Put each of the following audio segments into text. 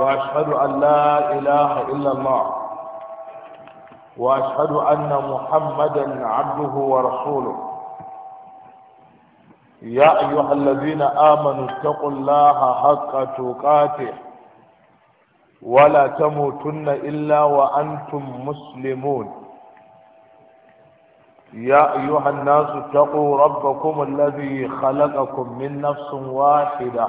وأشهد أن لا إله إلا الله وأشهد أن محمدا عبده ورسوله يا أيها الذين آمنوا اتقوا الله حق تقاته ولا تموتن إلا وأنتم مسلمون يا أيها الناس اتقوا ربكم الذي خلقكم من نفس واحدة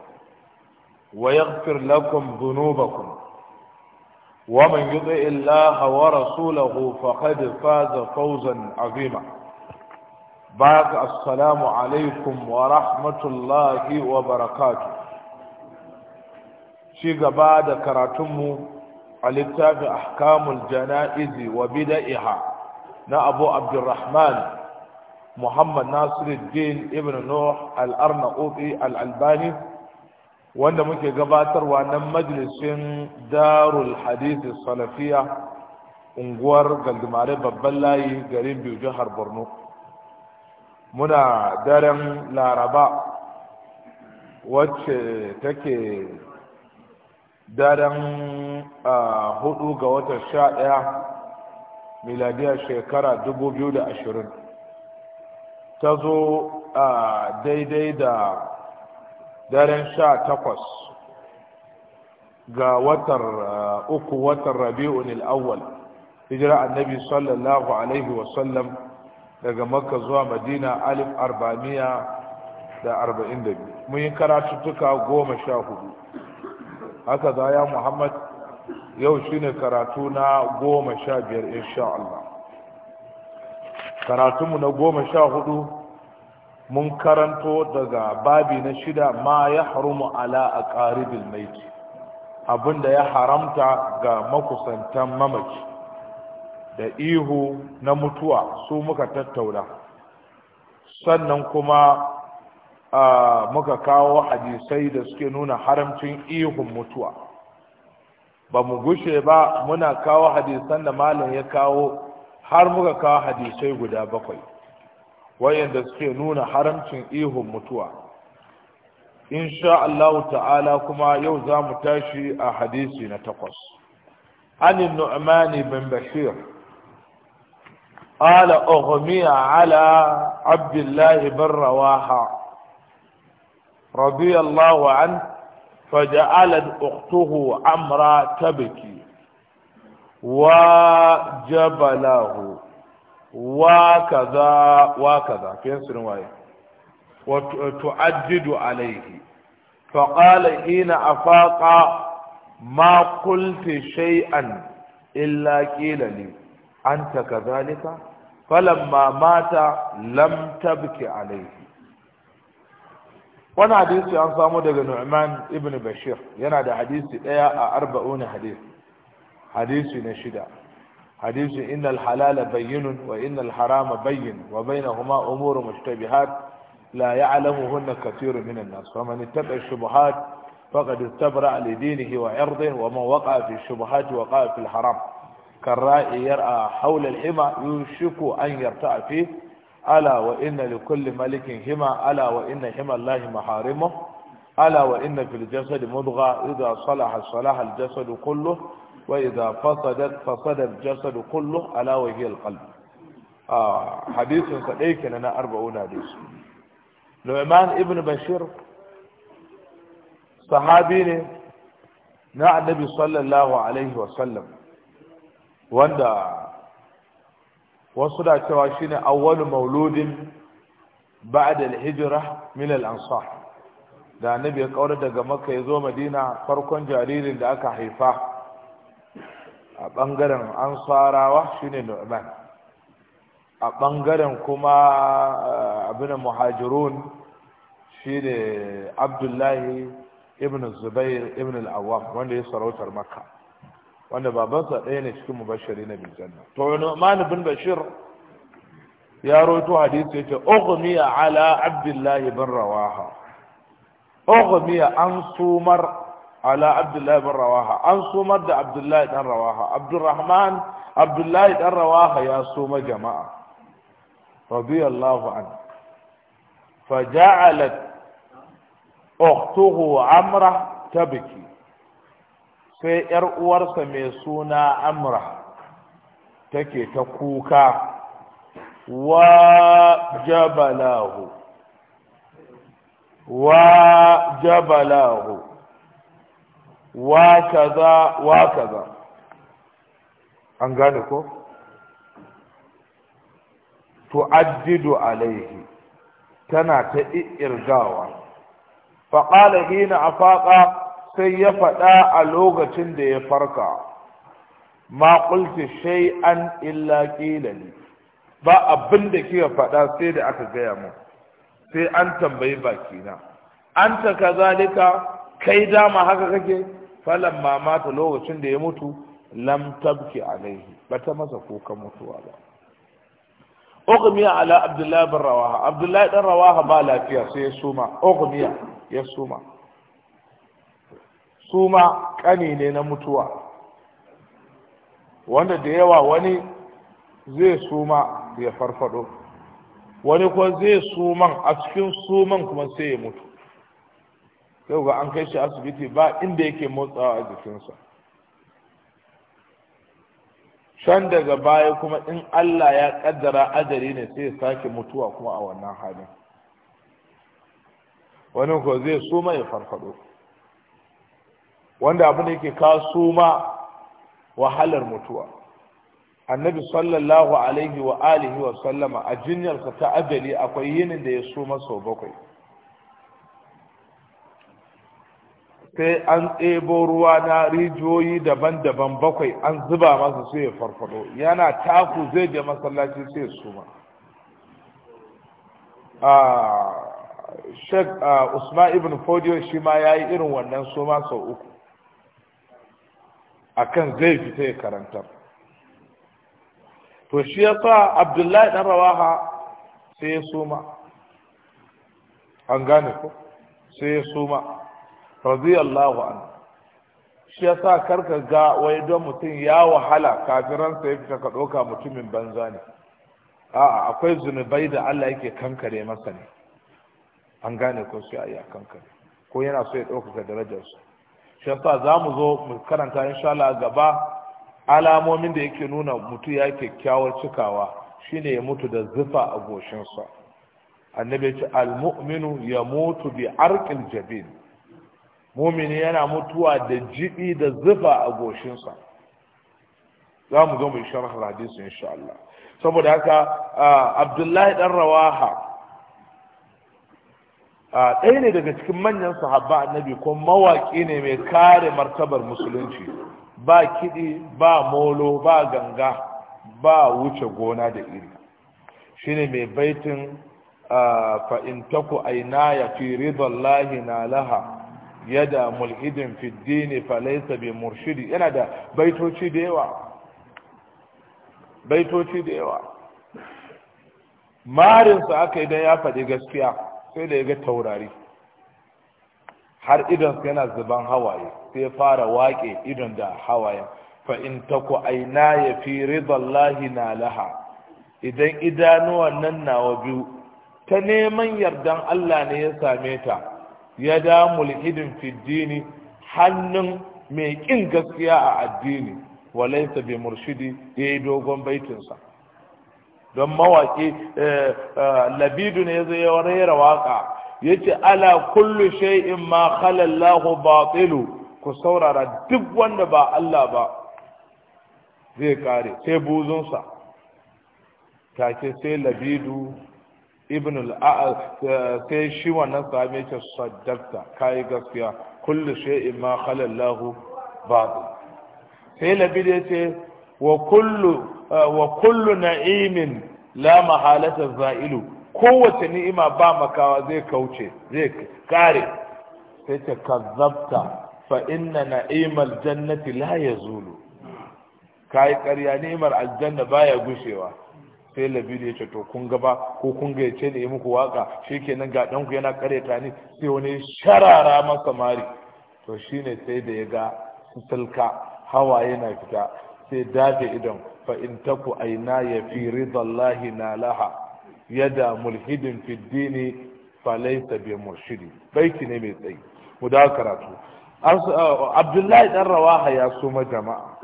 ويغفر لكم ذنوبكم ومن يطع الله ورسوله فقد فاز فوزا عظيما بعد السلام عليكم ورحمة الله وبركاته شيخ بعد كراتمه الكتاب أحكام الجنائز وبدائها نا أبو عبد الرحمن محمد ناصر الدين ابن نوح الأرنقوطي الألباني wanda muke gabatarwa na majalisin darul hadisi salafiya unguwar galdumare babban layi garin biyu jihar borno muna daren laraba wacce take daren a hudu ga wata sha daya miladiyar shekara dubu biyu da ashirin ta zo a daidai da daren sha takwas ga watar uh, uku watan rabi'un al'awwal hijira annabi sallallahu alaihi wasallam daga makka zuwa madina alif arba'amiya da arba'in da biyu mun yi karatuttuka goma sha hudu haka za ya muhammad yau shine karatu na goma sha biyar insha Allah karatunmu na goma sha hudu mun karanto daga babi na shida ma ya harumu ala a ƙaribin maiti abinda ya haramta ga makusantan mamaci da ihu na mutuwa su muka tattauna sannan kuma muka kawo hadisai da suke nuna haramcin ihun mutuwa ba mu gushe ba muna kawo hadisan da malam ya kawo har muka kawo hadisai guda bakwai wayanda suke nuna haramcin ihun mutuwa insha Allah ta'ala kuma yau za mu tashi a hadisi na takwas عن النعمان بن بشير قال أغمي على عبد الله بن رواحة رضي الله عنه فجعلت أخته عمرا تبكي وجبله wa kaza wa kaza fiye su waye wa tu'addidu alaihi fa qala hina afaqa ma qulti shay'an illa qila li anta kadhalika falamma mata lam tabki alaihi wani hadisi an samu daga Nu'man ibn Bashir yana da hadisi daya a arba'una hadisi hadisi na shida حديث إن الحلال بين وإن الحرام بين وبينهما أمور مشتبهات لا يعلمهن كثير من الناس فمن اتبع الشبهات فقد استبرع لدينه وعرضه ومن وقع في الشبهات وقع في الحرام كالرائي يرأى حول الحمى يوشك أن يرتع فيه ألا وإن لكل ملك حمى ألا وإن حمى الله محارمه ألا وإن في الجسد مضغة إذا صلح صلاح الجسد كله وإذا فصدت فصد الجسد كله على وهي القلب آه حديث صديق لنا أربعون حديث نعمان ابن بشير صحابي ne na annabi sallallahu alaihi wasallam wanda wasu da cewa shine awwalu mauludin ba'da al-hijra min da annabi ya kaura daga makka ya zo madina farkon jaririn da aka haifa a ɓangaren ansarawa shine nu'man a bangaren kuma eh, abin muhajirun shine abdullahi ibn zubair ibn al wanda ya sarautar makka wanda babansa ɗaya ne cikin mubashiri na biljanna to nu'man bin bashir ya roto hadisi yace ughmiya ala abdullahi bin rawaha ughmiya an sumar على عبد الله بن رواحة أن صمد عبد الله بن رواحة عبد الرحمن عبد الله بن رواحة يا صوم جماعة رضي الله عنه فجعلت أخته عمرة تبكي في إرؤور سميسونا عمرة تكي تقوكا take ta wa kaza wa kaza an gane ko tu'addidu alaihi tana ta irgawa faƙala hina faƙa sai ya faɗa a lokacin da ya farka ma qulti an illa qila li ba abin da kika faɗa sai da aka gaya mu sai an tambayi bakina anta kazalika kai dama haka kake falan mamata lokacin da ya mutu lam tabki alaihi ta masa kukan mutuwa ba ughmiya ala abdullahi bin rawaha abdullahi dan rawaha ba lafiya sai ya suma ughmiya ya suma suma kani ne na mutuwa wanda da yawa wani zai suma ya farfado wani kuma zai suman a cikin suman kuma sai ya mutu sau ga an kai shi asibiti ba inda yake motsawa a jikinsa shan daga baya kuma in Allah ya kaddara ajali ne sai ya sake mutuwa kuma a wannan halin wani ko zai suma ya farfado wanda abin da yake kawo suma wahalar mutuwa annabi sallallahu alaihi wa alihi wa sallama a jinyarsa ta ajali akwai yinin da ya suma sau bakwai sai an tsebo ruwa na rijiyoyi daban-daban bakwai an zuba masa sai ya farfado yana taku zai je masallaci sai suma ah, Sheikh ah, Usman ibn Fodio shi ma ya yi irin wannan suma sau uku a kan zai fita ya karanta to shi ya sa Abdullahi ɗan rawaha sai ya suma an gane ko sai ya suma radiyallahu an shi ya sa karka ga wai don mutum ya wahala kafiransa ya fita ka ɗauka mutumin banza ne a'a akwai zunubai da Allah yake kankare masa ne an gane ko sai ya kankare ko yana so ya ɗaukaka su shi ya sa za mu zo mu karanta insha Allah gaba alamomin da yake nuna mutum ya kyakkyawar cikawa shine ya mutu da zufa a goshinsa annabi ya ce al-mu'minu mutu bi arqil jabin mumini yana mutuwa da jibi da zufa a goshinsa za mu zo mu sharh hadisi insha Allah saboda haka Abdullahi dan Rawaha ɗaya ne daga cikin manyan sahabba annabi ko mawaƙi ne mai kare martabar musulunci ba kiɗi ba molo ba ganga ba wuce gona da iri shine mai baitin fa'intaku aina ya fi ridallahi na laha yada mulhidin fi dini bi murshidi yana da baitoci da yawa baitoci da yawa marinsa aka idan ya faɗi gaskiya sai da ya ga taurari har idonsa yana zuban hawaye sai fara waƙe idon da hawayen fa in taku aina ya fi ridallahi na laha idan idanuwan nan nawa biyu ta neman yardan Allah ne ya same ta ya da mulhidin fiddini hannun mai kin gaskiya a addini walaisa bi murshidi ya yi dogon baitinsa don mawaƙi eh, eh, labidu ne zai yawar rera waƙa ya ce ala kullu shay'in ma khalallahu batilu ku saurara duk wanda ba Allah ba zai kare sai buzunsa take sai labidu ibn al sai shi wannan sahabi yake saddaqta kai gaskiya kullu shay'in ma khala Allah batil sai wa kullu wa kullu na'imin la mahalata za'ilu kowace ni'ima ba makawa zai kauce zai kare sai ta kazzabta fa inna jannati la yazulu kai ƙarya ni'imar aljanna baya gushewa sai labiru ya ce to kun gaba ko kun ga ya ce da yi muku waka shi nan ga ɗanku yana kareta ni sai wani sharara masa mari to shi ne sai da ya ga sulka hawaye na fita sai dafe idan fa in ku aina ya fi zallahi na laha yada mulhidin fiddini falai sabi murshidi ne mai tsayi mu da karatu abdullahi dan rawaha ya suma jama'a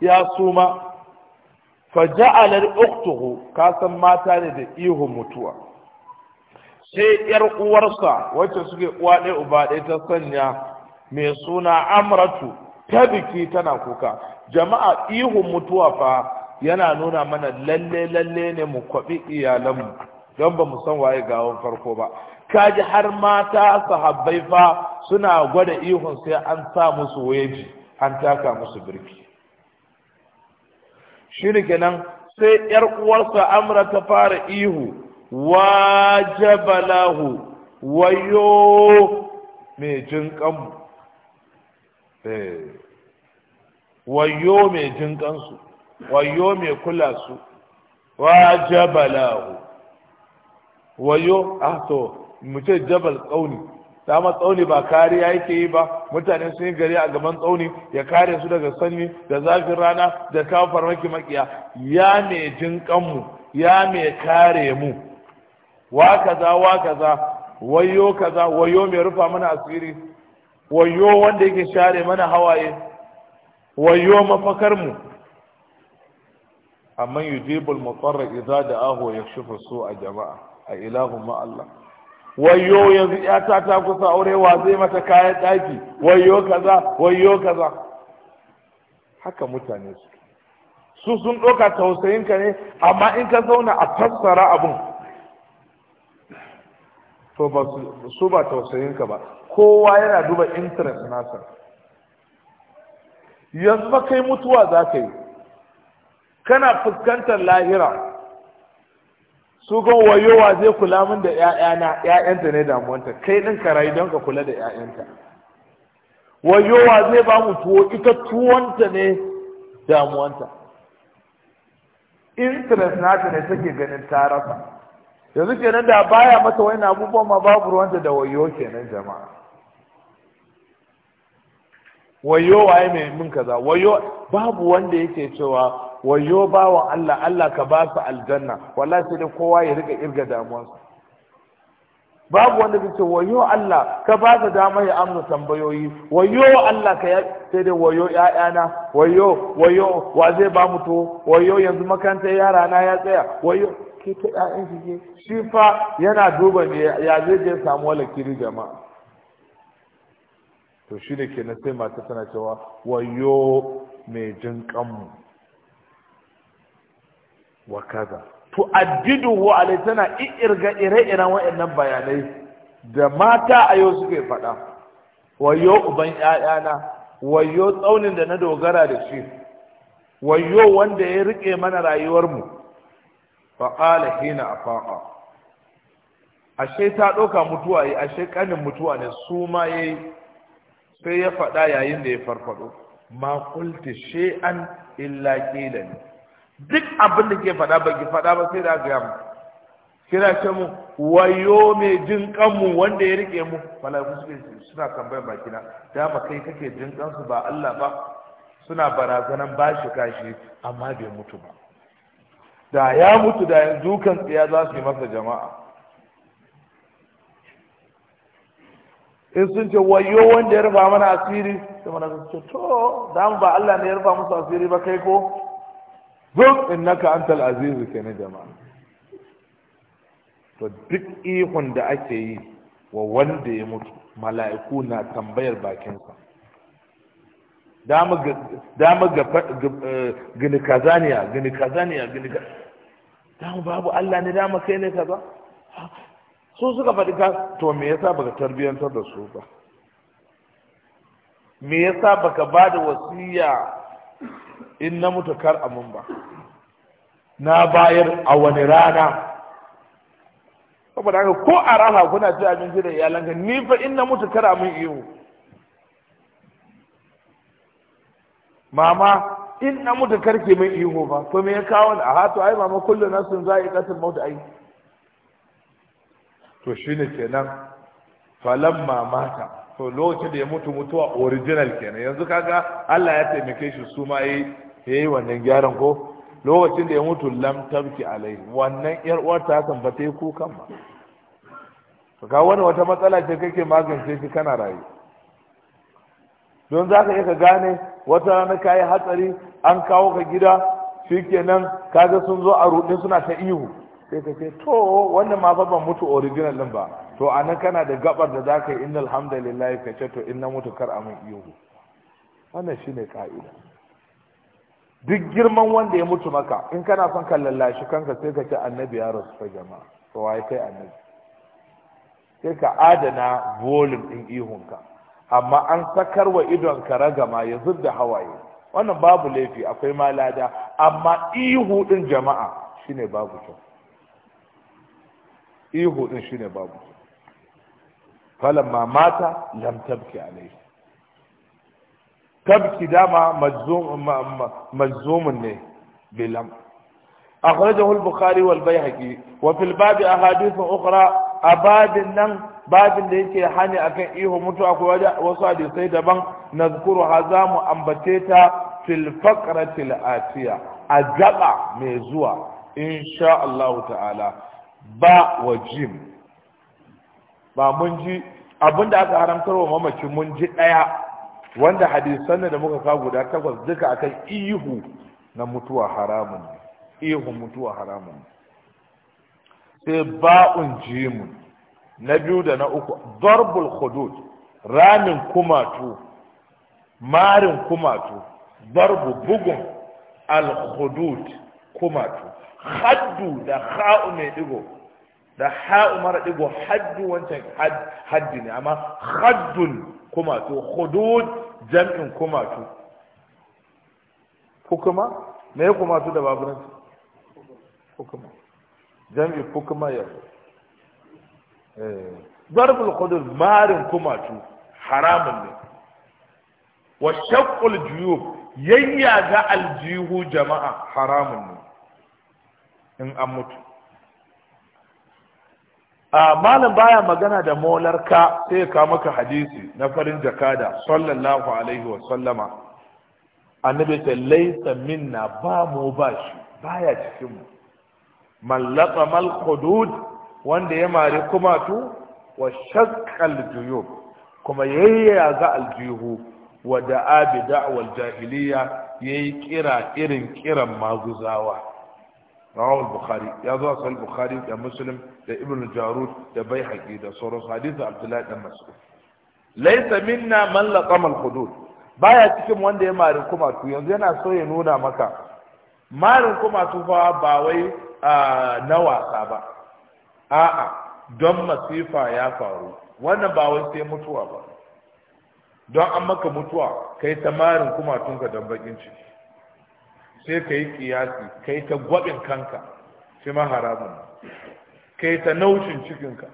ya suma faja'alar uktuhu ka san mata ne da ihun mutuwa sai yar uwarsa wacce suke uwa ɗaya uba ɗaya ta sanya mai suna amratu ta biki tana kuka jama'a ihun mutuwa fa yana nuna mana lalle lalle ne mu kwaɓi iyalanmu don ba mu san waye gawon farko ba kaji har mata sahabbai fa suna gwada ihun sai an sa musu wayaji an taka musu birki shine kenan sai yar uwarsa amra ta fara ihu wajabalahu wayo mai jin kanmu eh, wayo mai jin su wayo mai kula su wajabalahu wayo ah to mu ce jabal kauni. dama tsauni ba kariya yake yi ba mutane sun yi gari a gaban tsauni ya kare su daga sanyi da zafin rana da kawo farmaki makiya ya mai jin kanmu ya mai kare mu wa kaza wa kaza wayo kaza wayo mai rufa mana asiri wayo wanda yake share mana hawaye wayo mafakar mu amma yujibul mutarra idza da'ahu yakshifu a jama'a a ilahu ma'allah Allah wayo yanzu yata ta kusa aure wa zai mata kayan ɗaki wayo kaza wayo kaza haka mutane su su sun ɗauka tausayinka ne amma in ka zauna a fassara abin to ba su ba tausayinka ba kowa yana duba interest nasa yanzu ba kai mutuwa za ka yi kana fuskantar lahira su kan wayowa zai kula min da ƴaƴana ƴaƴanta ne damuwanta kai ɗin ka rayu don ka kula da 'ya'yanta. wayowa zai ba mu tuwo ita tuwonta ne damuwanta interest nata ne take ganin ta rasa yanzu kenan da baya mata wani abubuwan ma babu ruwanta da wayo kenan jama'a wayo waye mai min kaza wayo babu wanda yake cewa wayo bawa Allah Allah ka ba su aljanna wallahi sai kowa ya riga irga damuwarsa babu wanda zai ce wayo Allah ka ba su dama ya amsa tambayoyi wayo Allah ka sai dai wayo ƴaƴana wayo wayo wa zai ba mu to wayo yanzu makarantar yara na ya tsaya wayo ke ta ƴaƴan shi shi fa yana duba ne ya zai je samu wala kiri jama'a to shi da ke na sai mata tana cewa wayo mai jin kanmu wa kaza tu'addiduhu alai tana irga ire-iren wa'annan bayanai da mata a yau suke faɗa wayo uban 'ya'yana, wayo tsaunin da na dogara da shi wayo wanda ya rike mana rayuwarmu fa qala hina afaqa ashe ta ɗauka mutuwa yi ashe kanin mutuwa ne su ma yayi sai ya faɗa yayin da ya farfado ma qulti shay'an illa qilani duk abin da ke faɗa ba ki faɗa ba sai da gaya mu kira ce mu wayo mai jin kanmu wanda ya rike mu malaiku suke suna tambayar bakina da ba kai kake jin kansu ba Allah ba suna barazanan bashi kashi amma bai mutu ba da ya mutu da yanzu kan tsiya za su yi masa jama'a in sun ce wayo wanda ya rufa mana asiri sai mana ce to dan ba Allah ne ya rufa musu asiri ba kai ko zuk innaka antal aziz kenan jama'a to duk ihun da ake yi wa wanda ya mutu mala'iku na tambayar bakinsa dama eh, gini kazaniya gini kazaniya gini dama babu Allah ne dama kai ne kaza su suka faɗi ka to me yasa baka tarbiyyantar da su ba me yasa baka ba da wasiya in na mutu kar a mun ba na bayar a wani rana saboda haka ko a raha kuna ci abinci da iyalanka ni fa in na mutu kar a mun iyo mama in na mutu ke mun iyo ba to me ya kawo a hatu ai mama kullu a za'i kasar maut ai to shine kenan falamma mata to lokacin da ya mutu mutuwa original kenan yanzu kaga Allah ya taimake shi su ma yi yayi wannan gyaran ko lokacin da ya mutu lam tabki alai wannan yar uwar ta san ba ta yi kukan ba to ga wani wata matsala ce kake magance shi kana rayu don zaka ka iya ka gane wata rana ka hatsari an kawo ka gida shi shikenan kaga sun zo a rudin suna ta ihu sai ka ce to wannan ma ban mutu original din ba to anan kana da gabar da ka yi innal alhamdulillah ka ce to inna mutu kar amin ihu wannan shine ka'ida duk girman wanda ya mutu maka in kana son ka lallashi kanka sai ka ce annabi ya rasu fa jama'a to waye kai annabi sai ka adana volume din ihunka amma an sakar wa idon ka ragama ya zubda hawaye wannan babu laifi akwai ma lada amma ihu din jama'a shine babu kyau ihu din shine babu kyau فلما مات لم تبكي عليه تبكي داما مجزوم مجزوم بلم أخرجه البخاري والبيهقي وفي الباب أحاديث أخرى أباد النم باب اللي يكي حاني أكن إيه متو أكو وجه وصاد سيدة بان نذكر هزام أنبتيتا في الفقرة الآتية أجمع ميزوع إن شاء الله تعالى با وجيم ba mun ji abin da aka haramtar wa mamaci mun ji ɗaya wanda hadisan da muka kawo guda takwas duka akan ihu na mutuwa haramun ne ihu mutuwa haramun ne sai ba'un jimun na biyu da na uku darbul hudud ramin kumatu marin kumatu darbu bugun al-hudud kumatu haddu da kha'u mai digo da ha'u mara digo haddu wancan haddi ne amma haddun kumatu hudud jam'in kumatu hukuma me ya to da baburan hukuma jam'i hukuma ya zarbul eh. hudud marin kumatu haramun ne wa shaqqul juyub yayyaga aljihu jama'a haramun ne in an mutu malam baya magana da molarka sai ya kawo maka hadisi na farin jakada sallallahu alaihi wa sallama annabi ce laisa minna ba mu ba shi baya cikin mu mallaka mal hudud wanda ya mari kumatu wa shakkal juyub kuma yayya ga aljihu wa da'a bi da'wal jahiliya yayi kira irin kiran maguzawa rawal bukhari ya zo sahih bukhari da muslim da ibn jarud da baihaqi da sauran hadisi abdullahi dan mas'ud laysa minna man laqama al-hudud baya cikin wanda ya mari kuma tu yanzu yana so ya nuna maka marin kuma tu fa ba wai na wasa ba a'a don masifa ya faru wannan ba wai sai mutuwa ba don an maka mutuwa kai ta marin kuma tunka don bakin ciki sai ka yi kiyasi ka yi ta gwabin kanka shi ma haramun ka yi ta naushin cikinka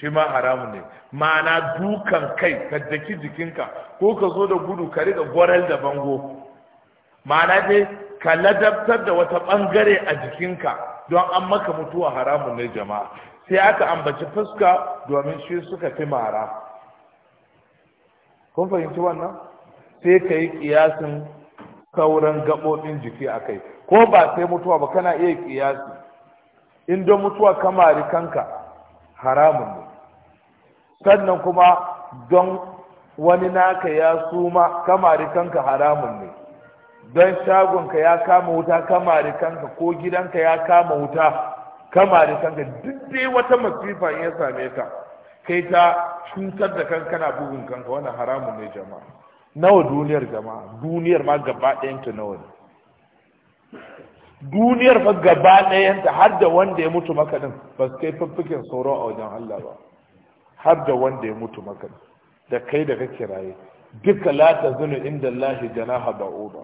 shi ma haramun ne ma'ana dukan kai ka daki jikinka ko ka zo da gudu ka riga gwaral da bango ma'ana dai ka ladabtar da wata ɓangare a jikinka don an maka mutuwa haramun ne jama'a sai aka ambaci fuska domin shi suka fi mara kun fahimci wannan sai ka yi kiyasin sauran gabobin jiki a kai ko ba sai mutuwa ba kana iya kiyasi in don mutuwa kamari kanka haramun ne sannan kuma don wani naka ya suma kamari kanka haramun ne don shagonka ya kama wuta kamari kanka ko gidanka ya kama wuta kamari kanka duk dai wata masifa in ya same ka kai ta cutar da kankana bugun kanka wannan haramun ne jama'a nawa duniyar jama'a duniyar ma gaba ɗayanta nawa ne duniyar fa gaba ɗayanta har da wanda ya mutu maka din ba su kai fiffikin sauro a wajen Allah ba har da wanda ya mutu maka din da kai da ka kiraye, duka la ta zunu inda Allah janaha ba'uda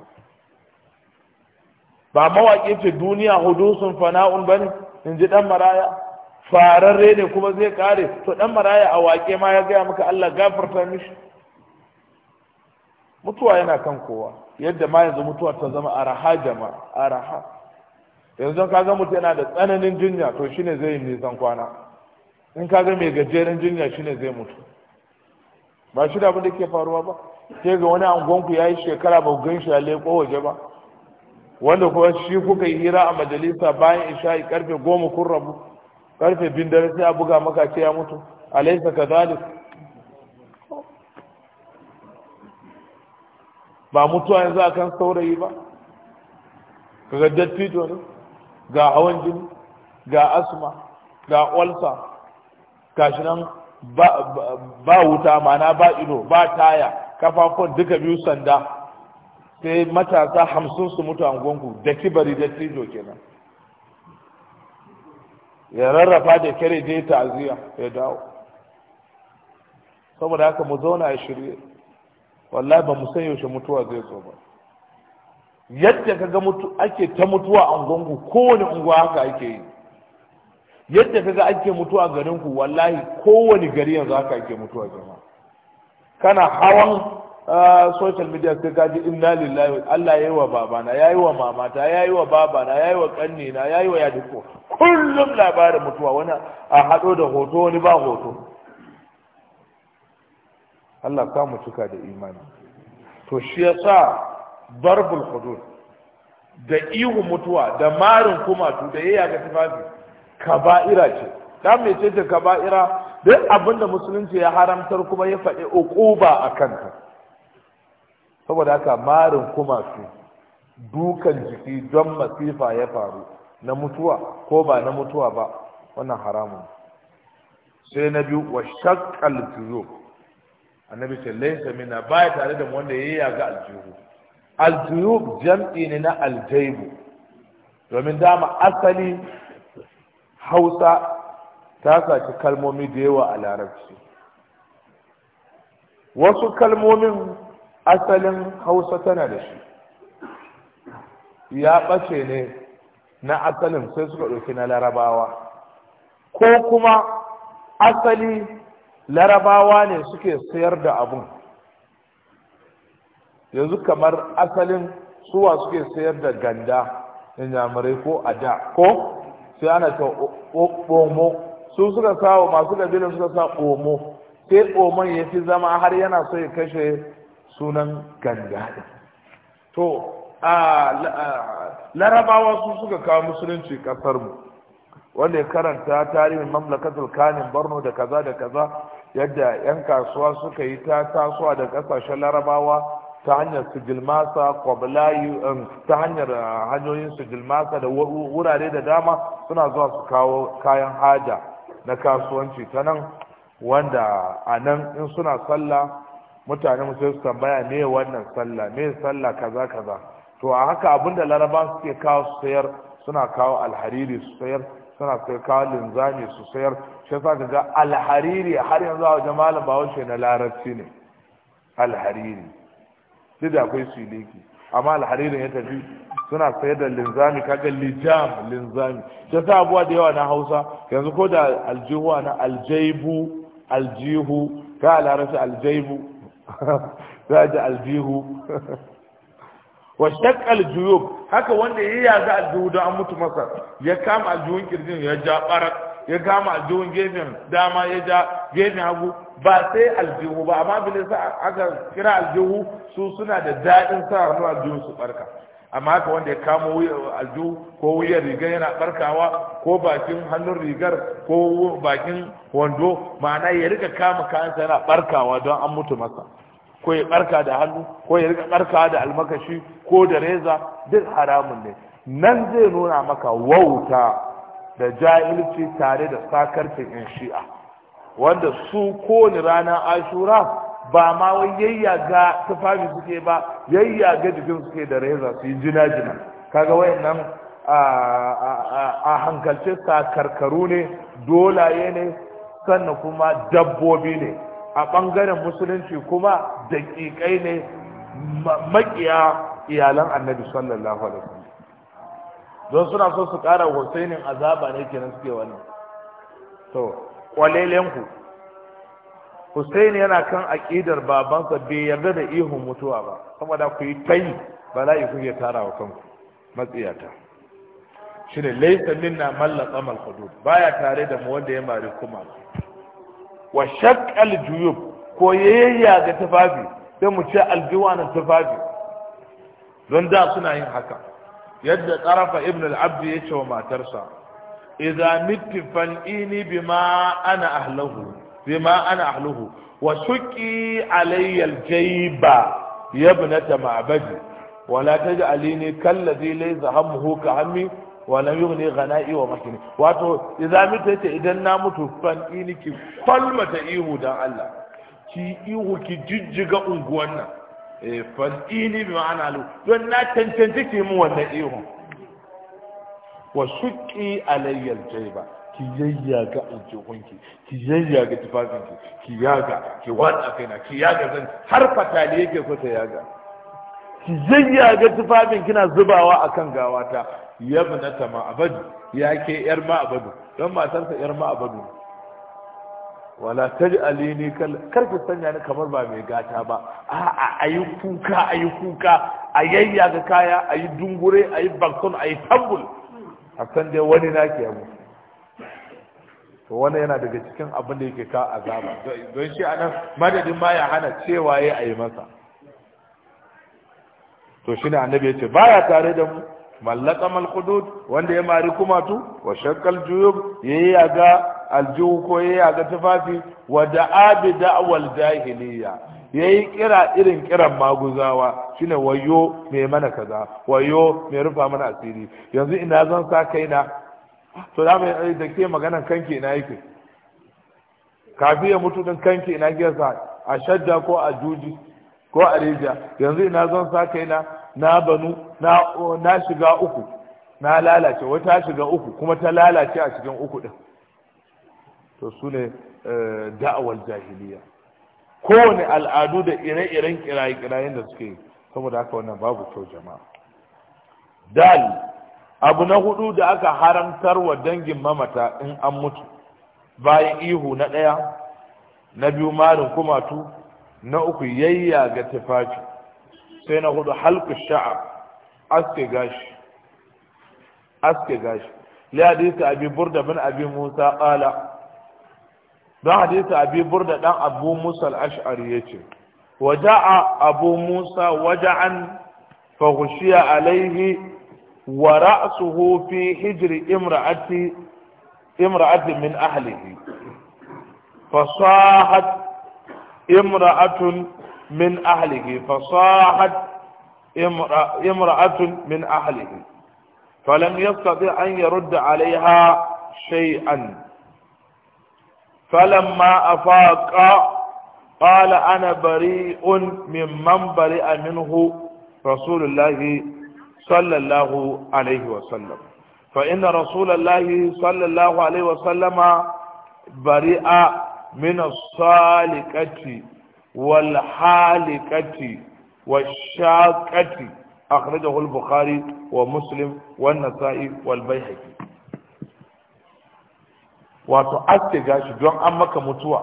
ba mawaƙi ce duniya hudusun fana'un ne? in ji dan maraya fararre ne kuma zai kare to dan maraya a waƙe ma ya gaya maka Allah gafarta mishi mutuwa yana kan kowa yadda ma yanzu mutuwa ta zama araha jama'a araha yanzu ka ga mutum yana da tsananin jinya to shine zai yi nisan kwana in ka ga mai gajeren jinya shine zai mutu ba shi da abin da ke faruwa ba sai ga wani angonku ya yi shekara ba gan shi a leko waje ba wanda kuma shi kuka yi hira a majalisa bayan isha'i karfe goma kun rabu karfe bindare sai a buga maka ce ya mutu alaisa kadhalik ba mutuwa yanzu akan saurayi ba kaga dattijo ne ga hawan jini ga asma ga olsa gashi nan ba wuta mana ba ido ba taya kafafun duka biyu sanda sai matasa hamsin su mutu a gungu da kibari dattijo kenan ya rarrafa da kare dai ta'aziyya ya dawo saboda haka mu zauna a shirye wallahi ba mu san yaushe mutuwa zai zo ba yadda kaga mutu ake ta mutuwa a unguwanku kowane unguwa haka ake yi yadda kaga ake mutuwa a ku, wallahi kowane gari yanzu haka ake mutuwa jama'a kana hawan social media sai ka ji inna lillahi Allah yayi wa babana yayi wa mamata yayi wa babana yayi wa kannina yayi wa yadiko kullum labarin mutuwa wani a hado da hoto wani ba hoto Allah ka mu cika da imani to shi yasa darbul hudud da ihu mutuwa da marin kumatu da yayya ga tufafi kaba'ira ce da me ce ta kaba'ira duk abinda musulunci ya haramtar kuma ya faɗi uquba akan ta saboda haka marin kumatu dukan jiki don masifa ya faru na mutuwa ko ba na mutuwa ba wannan haramun sai na biyu wa shakkal zo. annabi ce laysa minna baya tare da wanda wanda yi ya ga aljihu. Aljihu jam'i ne na aljaibu domin dama asali hausa ta saki kalmomi da yawa a larabci wasu kalmomin asalin hausa tana da shi ya ɓace ne na asalin sai suka ɗauki na larabawa ko kuma asali larabawa ne suke sayar da abun yanzu kamar asalin suwa suke sayar da ganda inyamurai ko a da ko sai ana ta omo su suka sawo masu suka sa omo sai omon ya fi zama har yana so ya kashe sunan ganda to larabawa su suka kawo musulunci kasar wanda ya karanta tarihin mamlakatul kanin borno da kaza da kaza yadda 'yan kasuwa suka yi ta tasowa da kasashen larabawa ta hanyar sigilmasa um, ta hanyar uh, hanyoyin sigilmasa da wurare da dama suna zuwa su kawo kayan haja na kasuwanci ta nan wanda a nan in suna sallah mutane musu su tambaya me wannan sallah me sallah kaza kaza to a haka abinda laraba suke kawo su sayar suna kawo alhariri su sayar suna sai kawo linzami su sayar shi yasa ka ga alhariri har yanzu a wajen malam bahaushe na larabci ne alhariri duk da akwai siliki amma alharirin ya tafi suna sayar da linzami kaga lijam linzami shi yasa abuwa da yawa na hausa yanzu ko da aljihuwa na aljaibu aljihu ka larabci aljaibu za ji aljihu wa shakal juyub haka wanda ya ga aljuhu don an mutu masa ya kama aljuhun kirjin ya ja barat ya kama aljuhun gefen dama ya ja gefen hagu ba sai aljihu ba amma bin sa aka kira aljihu su suna da daɗin sa hannu aljihu su barka amma haka wanda ya kama aljihu ko wuyar riga yana barkawa ko bakin hannun rigar ko bakin wando ma'ana ya rika kama kayansa yana barkawa don an mutu masa ko ya barka da hannu ko ya rika barka da almakashi ko da reza duk haramun ne nan zai nuna maka wauta da jahilci tare da sakarcin in shi'a wanda su kowane ranar ashura ba ma wai yayya ga tufafi suke ba yayya ga jikin suke da reza su yi jina-jina kaga wayannan a hankalce sakarkaru ne dolaye ne sannan kuma dabbobi ne a ɓangaren musulunci kuma daƙiƙai ne maƙiya iyalan annabi sallallahu alaihi wasallam don suna so su ƙara husainin azaba ne kenan suke wani to kwalelen ku yana kan aƙidar babansa bai yarda da ihun mutuwa ba saboda ku yi tayi bala'i ku ya tara wa kanku matsiyata ne laysa minna mallaka laqama Ba baya tare da mu wanda ya mari kuma wa shaqqal juyub ko yayya ga tufafi sai mu ce aljiwa na tufafi don da suna yin haka yadda ƙarafa ibn al-abdi ya ce wa matarsa idza mitti fal'ini bima ana ahlahu bima ana ahluhu wa suqi alayya al-jayba ya ibnata ma'badi wala taj'alini kalladhi laysa hammuhu ka hammi wa lam yughni ghana'i wa makini wato idan mutu ce idan na mutu ki iniki ta ihu dan Allah ki ihu ki jijjiga unguwan nan eh fal ini bi ma'ana lu don na tantance ki mu wannan ihu wa shuqqi alayya al-jayba ki yayyaga aljuhunki ki yayyaga tufafinki ki yaga ki watsa kaina ki yaga zan har fatali yake ko ta yaga ki yayyaga tufafin kina zubawa akan gawata ya bunata ma'abadu ya ke yar ma'abadu don matarsa yar ma'abadu wala taji alini karki sanya ni kamar ba mai gata ba a'a ayi kuka ayi kuka a yayyaga kaya ayi dungure ayi bakton ayi tambul a san dai wani na ke yamu to wani yana daga cikin abin da yake ka azaba don shi anan madadin ma ya hana cewa ya ayi masa to ne annabi ya ce baya tare da mu mallaka hudud wanda ya mari kumatu wa shakkal juyub yayi yaga aljuhu ko yayi aga tufafi wa da'a bi da'wal jahiliya yayi kira irin kiran maguzawa shine wayo mai mana kaza wayo mai rufa mana asiri yanzu ina zan sa kaina to da mai da ke maganan kanki ina yake kafi ya mutu din kanki ina gesa a shadda ko a juji ko a rijiya yanzu ina zan sa kaina na banu na shiga uku na lalace wata shiga uku kuma ta lalace a cikin uku din to su ne eh, da'awar jahiliya kowane al'adu da ire-iren kiraye-kirayen da suke saboda haka wannan babu kyau jama'a dal abu na hudu da aka haramtar wa dangin mamata in an mutu bayan ihu na ɗaya na biyu marin kumatu na uku yayya ga tufafi sai na hudu halku sha'a aske gashi aske gashi li hadisi abi burda bin abi musa qala da hadisi abi burda dan abu musa al-ash'ari yace waja'a abu musa waja'an fa ghushiya alayhi wa ra'suhu fi hijri imra'ati imra'atin min ahlihi fa sahat imra'atun min ahlihi fa sahat امرأة من أهله فلم يستطع أن يرد عليها شيئا فلما أفاق قال أنا بريء ممن برئ منه رسول الله صلى الله عليه وسلم فإن رسول الله صلى الله عليه وسلم برئ من الصالكة والحالكة والشاقة أخرجه البخاري ومسلم والنسائي والبيهقي wato aske gashi don an maka mutuwa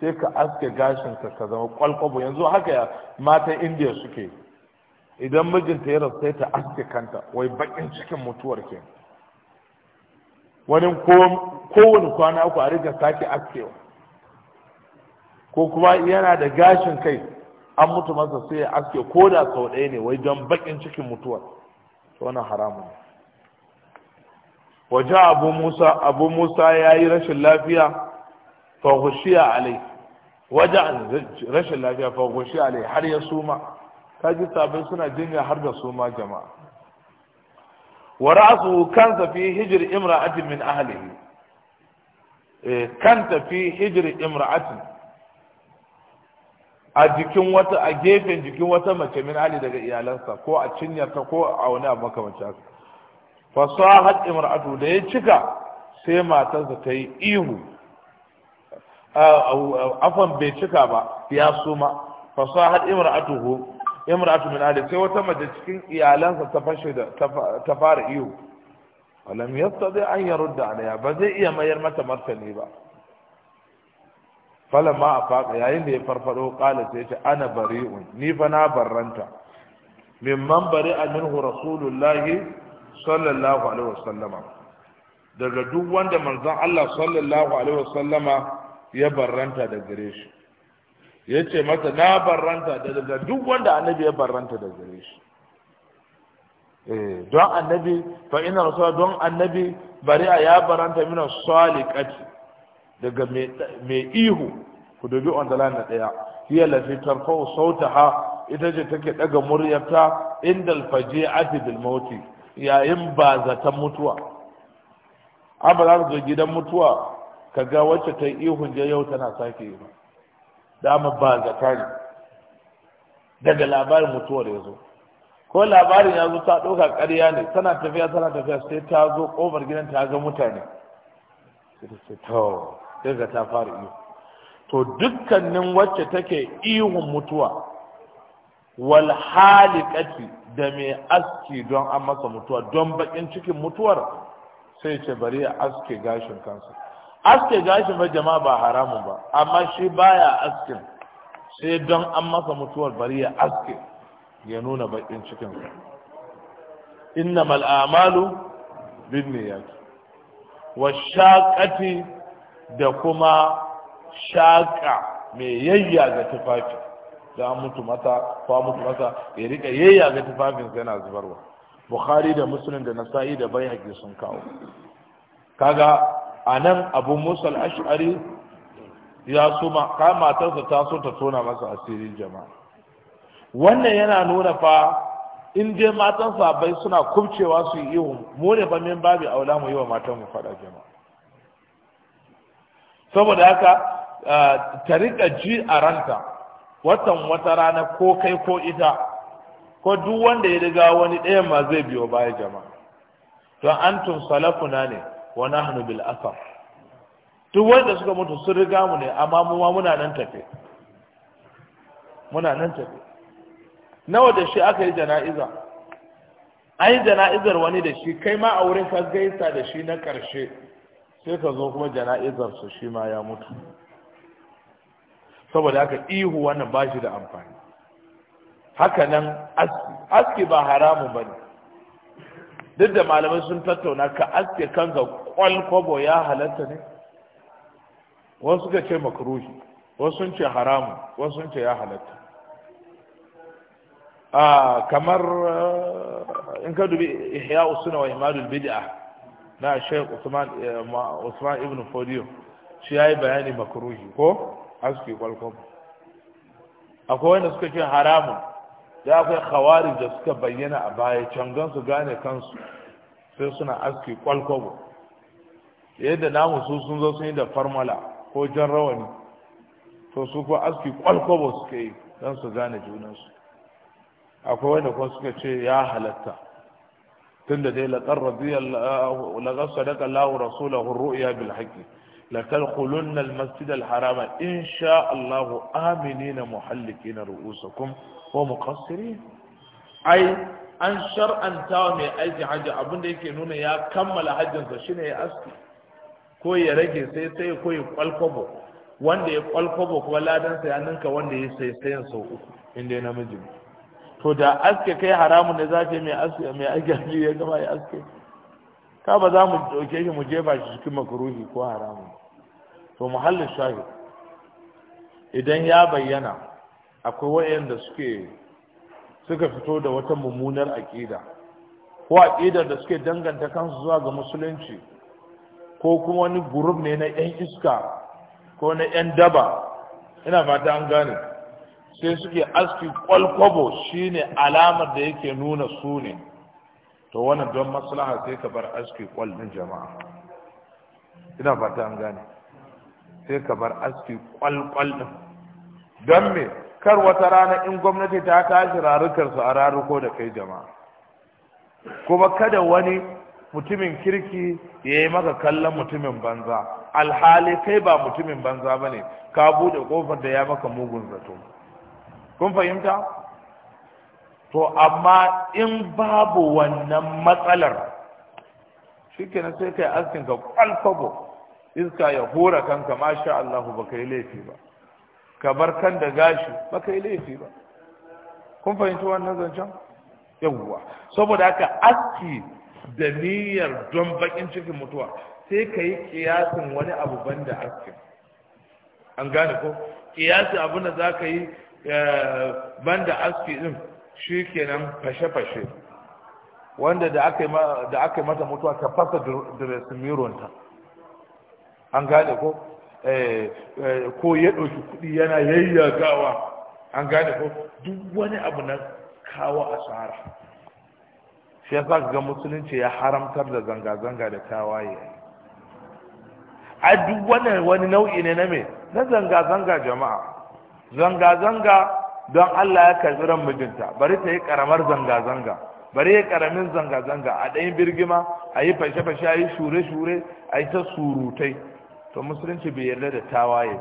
sai ka aske gashin ka ka zama kwalkwabo yanzu haka ya matan indiya suke idan mijinta ya rasu sai ta aske kanta wai bakin cikin mutuwar ke wani kowane kwana uku a rika sake askewa ko kuma yana da gashin kai an mutu masa sai ya aske ko da sau ɗaya ne wai don bakin cikin mutuwar to wannan haramun ne waje abu musa abu musa ya yi rashin lafiya fahushiya alai waje rashin lafiya fahushiya alai har ya suma ji sabai suna jinya har da suma jama'a wa ra'su kansa fi hijr imra'atin min ahlihi eh, kanta fi hijr imra'atin a jikin wata a gefen jikin wata mace min ali daga iyalansa ko a cinyarta ko a wani abu makamancin haka sahat imra'atu da ya cika sai matarsa ta yi ihu afan bai cika ba ya suma fasahat imra'atuhu imra'atu min ali sai wata mace cikin iyalansa ta fashe da ta fara ihu walam yastadi an yarudda alaiha ba zai iya mayar mata martani ba falamma a faɗa yayin da ya farfado ƙala sai ta ana bari'un ni fa na barranta mimman bari a minhu rasulullahi sallallahu alaihi wasallama daga duk wanda manzon Allah sallallahu alaihi wasallama ya barranta da gare shi ya ce mata na barranta daga duk wanda annabi ya barranta da gare shi eh, don annabi fa ina rasuwa don annabi bari a ya baranta mina saliqati daga mai ihu ku dubi on the na daya hiya lati tarfa'u sautaha ita ce take daga muryarta inda alfaji'ati bil mauti yayin ba zaton mutuwa amma za ka zo gidan mutuwa ka ga wacce ta ihun je yau tana sake yi ba dama ba zata ne daga labarin mutuwar ya zo ko labarin ya zo ta ɗauka ƙarya ne tana tafiya tana tafiya sai ta zo ƙofar gidan ta ga mutane sai ta ce to sai ta fara iyo to dukkanin wacce take ihun mutuwa wal halikati da mai aski don an masa mutuwa don bakin cikin mutuwar sai ce bari ya aske gashin kansa aske gashin ba jama'a ba haramun ba amma shi baya askin sai don an masa mutuwar bari ya aske ya nuna bakin cikinsa innamal amalu bin niyyati wa shaqati da kuma shaƙa mai yayya ga tufafi da mutu masa fa mutu mata ya rika yayya ga tufafin yana zubarwa bukhari da muslim da nasa'i da baihaqi sun kawo kaga anan abu musa al-ash'ari ya ma ka matarsa ta so ta tona masa asirin jama'a wannan yana nuna fa in dai matan sabai suna kubcewa su yi ihu mu ne fa min babu aula mu yi wa matan mu fada jama'a saboda haka eh, ta rika ji a ranta watan wata rana ko kai ko ita ko duk wanda ya riga wani ɗaya ma zai biyo baya jama'a to antum salafuna ne wa nahnu bil asar duk wanda suka mutu sun riga mu ne amma mu ma muna nan tafe muna nan tafe nawa da shi aka yi jana'iza an yi jana'izar wani da shi kai ma a wurin ka gaisa da shi na ƙarshe sai ka zo kuma jana'izarsa shi ma ya mutu saboda haka ihu wannan ba shi da amfani haka nan aski ba haramun ba ne duk da malamai sun tattauna ka aske kanka kwabo ya halatta ne wasu suka ce makaruhi wasu sun ce haramun wasu sun ce ya halatta ah, kamar eh, in ka dubi ihya usuna wa himadul bid'a na Sheikh Usman eh, Usman ibn Fodiyo shi yayi bayani makruhi ko aski kwalkwam akwai wanda suka ce haramun da akwai khawarij da suka bayyana a baya cangan su gane kansu sai suna aski kwalkwabo yadda namu su sun zo sun yi da farmala ko jan rawani to su ko aski kwalkwabo suka yi don su gane junansu akwai wanda kuma suka ce ya halatta da dai laqad radiya laqad sadaqa Allahu rasulahu ar-ru'ya bil haqqi لتدخلن allahu الحرام إن na الله آمنين محلقين رؤوسكم ومقصرين أي an shar'anta mai aiki hajji abinda da yake nuna ya kammala hajjinsa shine ya aski ko ya rage sai sai ko ya kwalkwabo wanda ya kwalkwabo kuma ladansa ya ninka wanda ya sai sayan sau uku inda ya namiji to da aske kai haramun ne za ka mai aske mai ya gama ya aske ka ba za mu ɗauke shi mu jefa shi cikin makaruhi ko haramun to muhallin shahid idan ya bayyana akwai wayanda suke suka fito da wata mummunar aƙida ko aƙidar da suke danganta kansu zuwa ga musulunci ko kuma wani gurub ne na yan iska ko na yan daba ina fata an gane sai suke aski kwalkwabo shine alamar da yake nuna su ne to wannan don maslaha sai ka bar aski kwal din jama'a ina fata an gane sai ka bar aski kwalkwal din don me kar wata rana in gwamnati ta tashi rarukarsu a raruko da kai jama'a kuma kada wani mutumin kirki ya yi maka kallon mutumin banza alhali kai ba mutumin banza ba ne ka buɗe ƙofar da ya maka mugun zato kun fahimta to amma in babu wannan matsalar shikenan sai kai askin ka kwalfabo iska ya hura kanka masha Allah baka yi laifi ba ka bar kan da gashi baka yi laifi ba kun fahimta wannan zancen yawwa saboda haka aski da niyyar don bakin cikin mutuwa sai ka yi kiyasin wani abu banda askin an gane ko kiyasi abu da za ka yi banda aski din shi kenan fashe-fashe wanda da aka yi mata mutuwa ta fasa dressing an gane ko eh, eh, ko ya ɗauki kuɗi yana yayyagawa an gane ko duk wani abu na kawo asara shi ya sa ga musulunci ya haramtar da zanga-zanga da tawaye a duk wani nau'i ne na me na zanga-zanga jama'a zanga-zanga don Allah ya karbi ran mijinta bari ta yi karamar zanga-zanga bari ya karamin zanga-zanga a ɗayin birgima a yi fashe-fashe a yi shure-shure a yi ta surutai to musulunci bai yarda da tawaye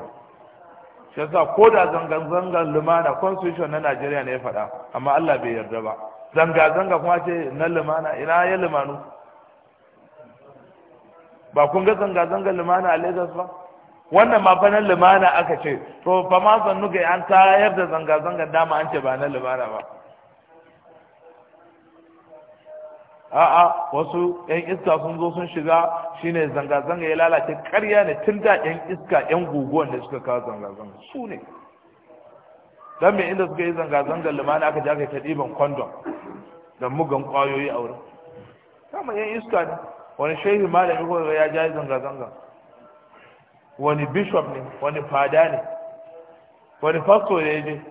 shi yasa ko da zanga-zangar lumana constitution na najeriya ne ya faɗa amma allah bai yarda ba zanga-zanga kuma ce na lumana ina ya lumanu ba kun ga zanga-zangar lumana a lagos ba wannan ma fa na lumana aka ce to fa ma san ga an tayar da zanga zangar dama an ce ba na lumana ba a'a wasu yan iska sun zo sun shiga shine zanga zanga ya lalace karya ne tun da yan iska yan guguwan da suka kawo zanga zanga su ne dan me inda suka yi zanga zangar lumana aka je aka ta diban kwandon da mugan kwayoyi a wurin kama yan iska ne wani shehu malami ko ya ja zanga zanga wani bishop ne wani fada ne wani pastor ne je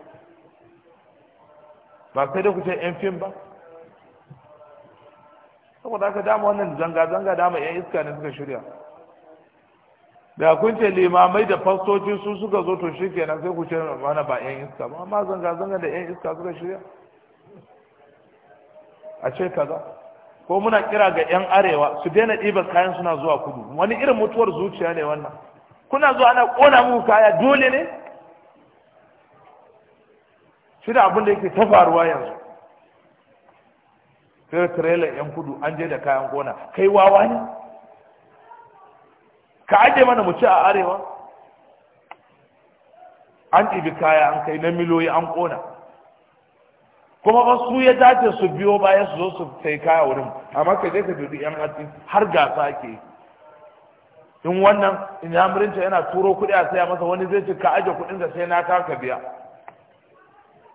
ba sai da kuce yan fim ba saboda aka dama wannan zanga-zanga dama yan iska ne suka shirya da kun ce limamai da fastoci su suka zo to shi kenan sai ku ce mana ba yan iska ba amma zanga-zanga da yan iska suka shirya a ce kaza ko muna kira ga yan arewa su daina ɗiba kayan suna zuwa kudu wani irin mutuwar zuciya ne wannan kuna zuwa ana kona muku kaya dole ne shi da abin da yake ta faruwa yanzu sai trailer yan kudu an je da kayan gona kai wawa ne ka aje mana mu ci a arewa an ɗibi kaya an kai na miliyoyi an kona kuma ba su ya dace su biyo bayan su zo su sai kaya wurin amma kai dai ka dudu yan hatsi har gasa ke. yi in wannan in murinta yana turo kuɗi a saya masa wani zai ce ka aje kuɗin ka sai na ka biya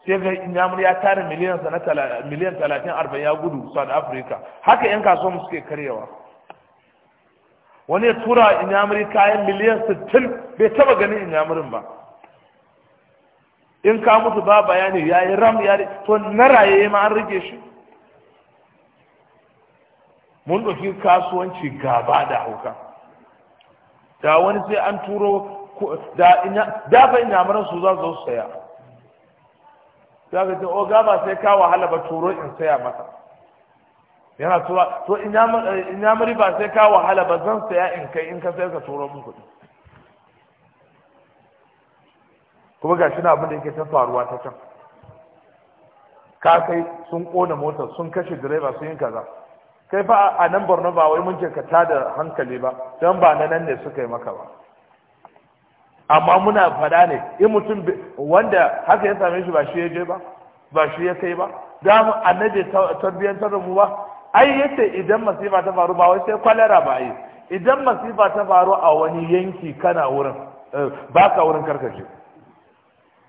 sai ga in yamur ya tare miliyan sa na miliyan talatin arba'in ya gudu south africa haka yan kasuwa mu suke karyawa wani ya tura in muri kayan miliyan sittin bai taba ganin in ba in ka mutu ba bayani ya yi ram ya to na raye ma an rike shi mun ɗauki kasuwanci gaba da hauka da wani sai an turo da ina fa ina mara su za su saya daga ta oga ba sai ka wahala ba turo in saya masa yana tura to in mari ba sai ka wahala ba zan saya in kai in ka sai ka turo min kuɗi kuma ga shi na abin da yake ta faruwa ta can ka kai sun ƙona motar sun kashe direba sun yi kaza kai fa a nan borno ba wai mun ke ka tada hankali ba don ba na nan ne suka yi maka ba amma muna faɗa ne in mutum wanda haka ya same shi ba shi ya je ba ba shi ya kai ba da mu annabi tarbiyyantar da mu ba ai yace idan masifa ta faru ba wai sai kwalara ba yi, idan masifa ta faru a wani yanki kana wurin eh, ba ka wurin karkace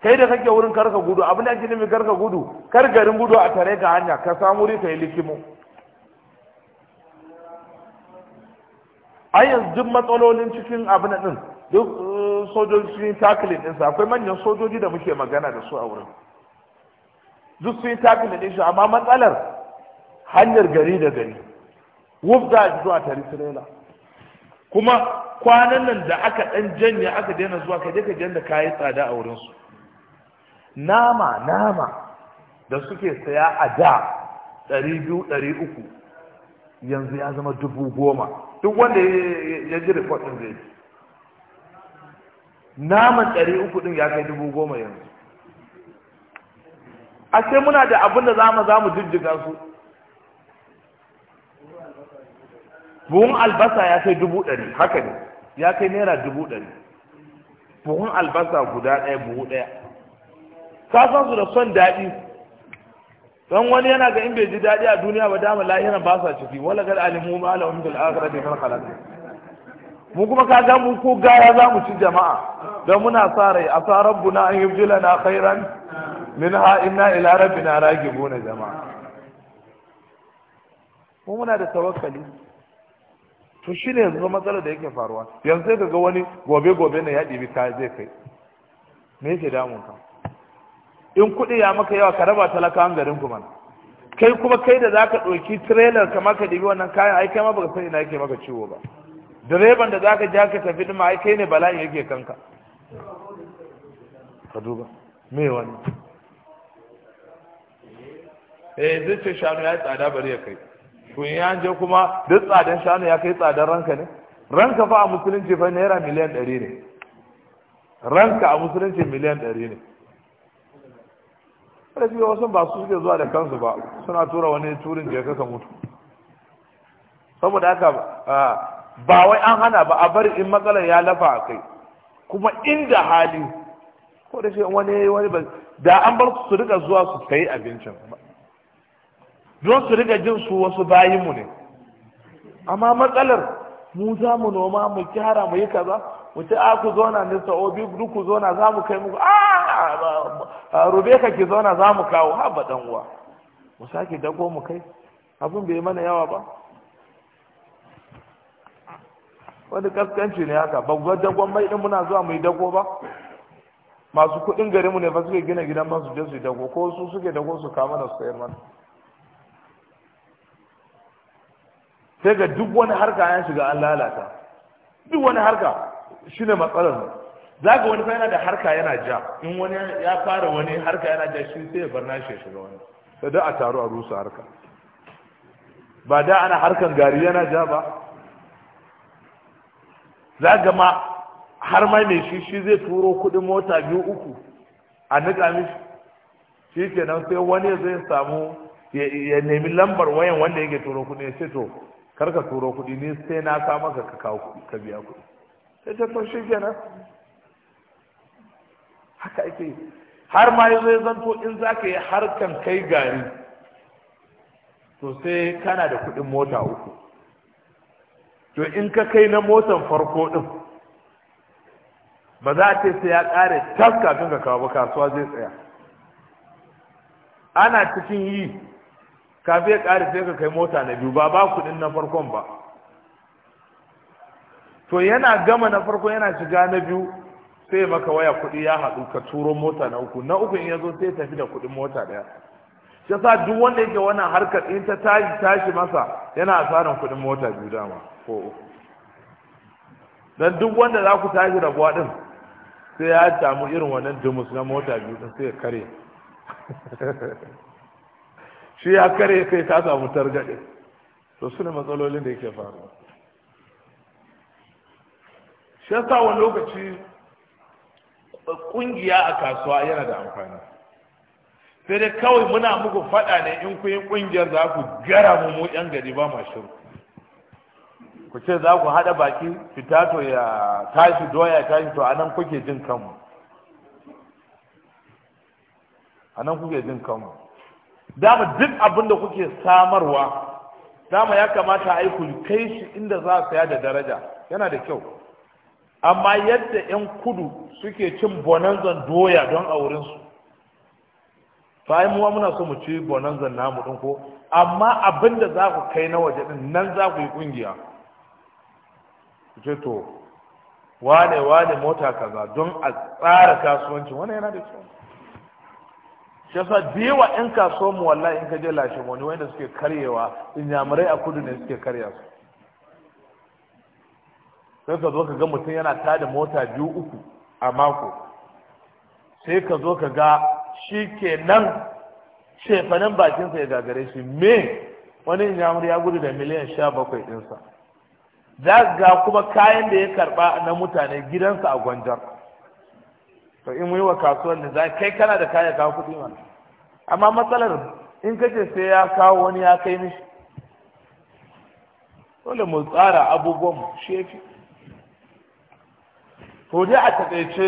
kai da kake wurin karka gudu abin da ake nufi karka gudu kar garin gudu a tare ga hanya ka samu rika yi likimu ai yanzu duk matsalolin cikin abin din duk eh, sojoji sun yi ɗinsa akwai manyan sojoji da muke magana da su a wurin duk sun yi takilin ɗinsa amma matsalar hanyar gari da gari wuf za a zuwa tari tirela kuma kwanan nan da aka ɗan janye aka daina zuwa ka je ka je da kayi tsada a wurinsu nama nama da suke saya a da ɗari biyu ɗari uku yanzu ya zama dubu goma duk wanda ya ji report zai zai naman ɗari uku ɗin ya kai dubu goma yanzu a ce muna da abin da zamu mu jijjiga su buhun albasa ya kai dubu ɗari haka ne ya kai naira dubu ɗari buhun albasa guda ɗaya buhu ɗaya ka san su da son daɗi don wani yana ga in bai ji daɗi a duniya ba dama lahira ba sa ciki wala gar alimu ma la umdul akhirati min khalaq mu kuma ka ga mu ko gaya za mu ci jama'a don muna sa rai a sa rabbuna an yubdilana khairan minha inna ila rabbina ragibuna jama'a mu muna da tawakkali to shine yanzu matsalar da yake faruwa yanzu sai ka ga wani gobe gobe ne ya ɗibi ta zai kai me yake damun ka in kuɗi ya maka yawa ka raba an garin kuma kai kuma kai da zaka ɗauki trailer kamar ka dibi wannan kayan ai kai ma baka san ina yake maka ciwo ba direban da zaka ja ka tafi dima ai kai ne bala'in yake kanka ka duba me wani eh zai ce shanu ya yi tsada bari ya kai to ya je kuma duk tsadan shanu ya kai tsadan ranka ne ranka fa a musulunci fa naira miliyan ɗari ne ranka a musulunci miliyan ɗari ne ƙarfi wasu ba su suke zuwa da kansu ba suna tura wani turin ya ka mutu saboda haka ba wai an hana ba a bari in matsalar ya lafa a kai kuma inda hali ko da shi wani wani ba da an bar su rika zuwa su kai abincin don su rika jin su wasu bayinmu ne amma matsalar mu za mu noma mu kyara mu yi kaza mu ce a ku na ne sa'obi duk ku na za mu kai muku a rube ka ki zauna za mu kawo ha ba uwa mu sake dago mu kai abin bai mana yawa ba wani kaskanci ne haka ba ga dagon mai din muna zuwa mu yi dago ba masu kuɗin garinmu ne ba suke gina gidan masu je su yi dago ko su suke dago su kama na su sayar mana sai ga duk wani harka ya shiga an lalata duk wani harka shine matsalar mu za ga wani yana da harka yana ja in wani ya fara wani harka yana ja shi sai ya bar nashi shiga wani sai da a taru a rusa harka ba da ana harkan gari yana ja ba za ga ma har mai mai shi shi zai turo kudin mota biyu uku a nika mishi shi kenan sai wani zai samu ya nemi lambar wayan wanda yake turo kudi ya ce to karka turo kudi ne sai na sa ka kawo ka biya kudi sai ta to shi kenan haka ake har ma ya zai zanto in za ka yi harkan kai gari to sai kana da kuɗin mota uku to in ka kai na motan farko ɗin ba za a ce sai ya ƙare tas kafin ka kawo ba kasuwa zai tsaya ana cikin yi kafin ya ƙare sai ka kai mota na biyu ba ba kuɗin na farkon ba to yana gama na farko yana shiga na biyu sai maka waya kuɗi ya haɗu ka turo mota na uku na uku in ya zo sai tafi da kuɗin mota ɗaya shi sa duk wanda yake wannan harkar in ta tashi tashi masa yana asarin kuɗin mota biyu dama ko uku dan duk wanda za ku tashi rabuwa din sai ya samu irin wannan dumus na mota biyu din sai ya kare shi ya kare kai ka samu targaɗe to su ne matsalolin da yake faruwa shi yasa wani lokaci kungiya a kasuwa yana da amfani sai dai kawai muna muku faɗa ne in kun yi kungiyar za ku gara mu mu yan gari ba ma ku ce za ku haɗa baki fitato ya tashi doya tashi to anan kuke jin kanmu anan kuke jin kanmu dama duk abin da kuke samarwa dama ya kamata a yi ku kai shi inda za a saya da daraja yana da kyau amma yadda 'yan kudu suke cin bonanzan doya don a wurinsu yi muwa muna so mu ci bonanzan namu ɗin ko amma abin da za ku kai na waje ɗin nan za ku yi ƙungiya ce to wane wane mota kaza don a tsara kasuwanci wani yana da kyau shi yasa da yawa kasuwan mu wallahi in ka je lashe wani wanda suke karyewa inyamurai a kudu ne suke karya su sai ka zo ka ga mutum yana tada mota biyu uku a mako sai ka zo ka ga shi ke nan shefanin bakinsa ya gagare shi me wani inyamur ya gudu da miliyan sha bakwai ɗinsa za ga kuma kayan da ya karba na mutane gidansa a gwanjar to in yi wa kasuwar ne za kai kana da kaya kawo kuɗi mana amma matsalar in kake sai ya kawo wani ya kai mishi dole mu tsara abubuwan shefi to dai a taƙaice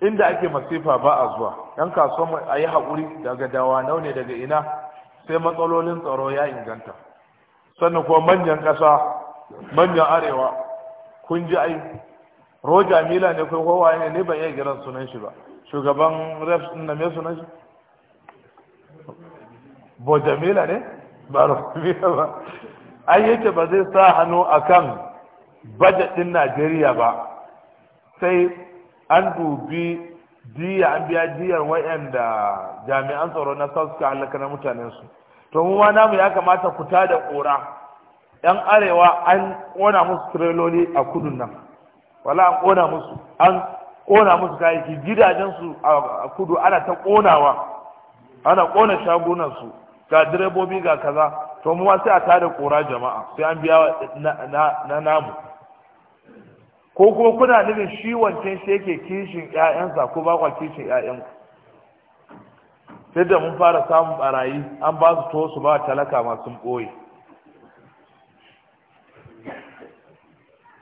inda ake masifa ba a zuwa yan kasuwan a yi haƙuri daga dawa nau ne daga ina sai matsalolin tsaro ya inganta sannan kuma manyan ƙasa manyan arewa kun ji ai roja mila ne kai kowa ne ne ban iya giran sunan shi ba shugaban refs na me sunan shi boja mila ne ba mila ba ai yake ba zai sa hannu akan bajadin din Najeriya ba sai an dubi diya an biya diyar wayanda jami'an tsaro na south suka halaka na mutanen su to mu ma namu ya kamata ku ta da kora yan arewa an kona musu tireloli a kudun nan wala an kona musu an kona musu kayayyaki gidajen su a kudu ana ta konawa ana kona shagunan su ga direbobi ga kaza to mu sai a tada kora jama'a sai an biya na namu ko kuma kuna nufin shi wancan shi yake kishin ƴaƴansa ko ba kwa kishin ƴaƴanku sai da mun fara samun barayi an ba su to su ba talaka masu ɓoye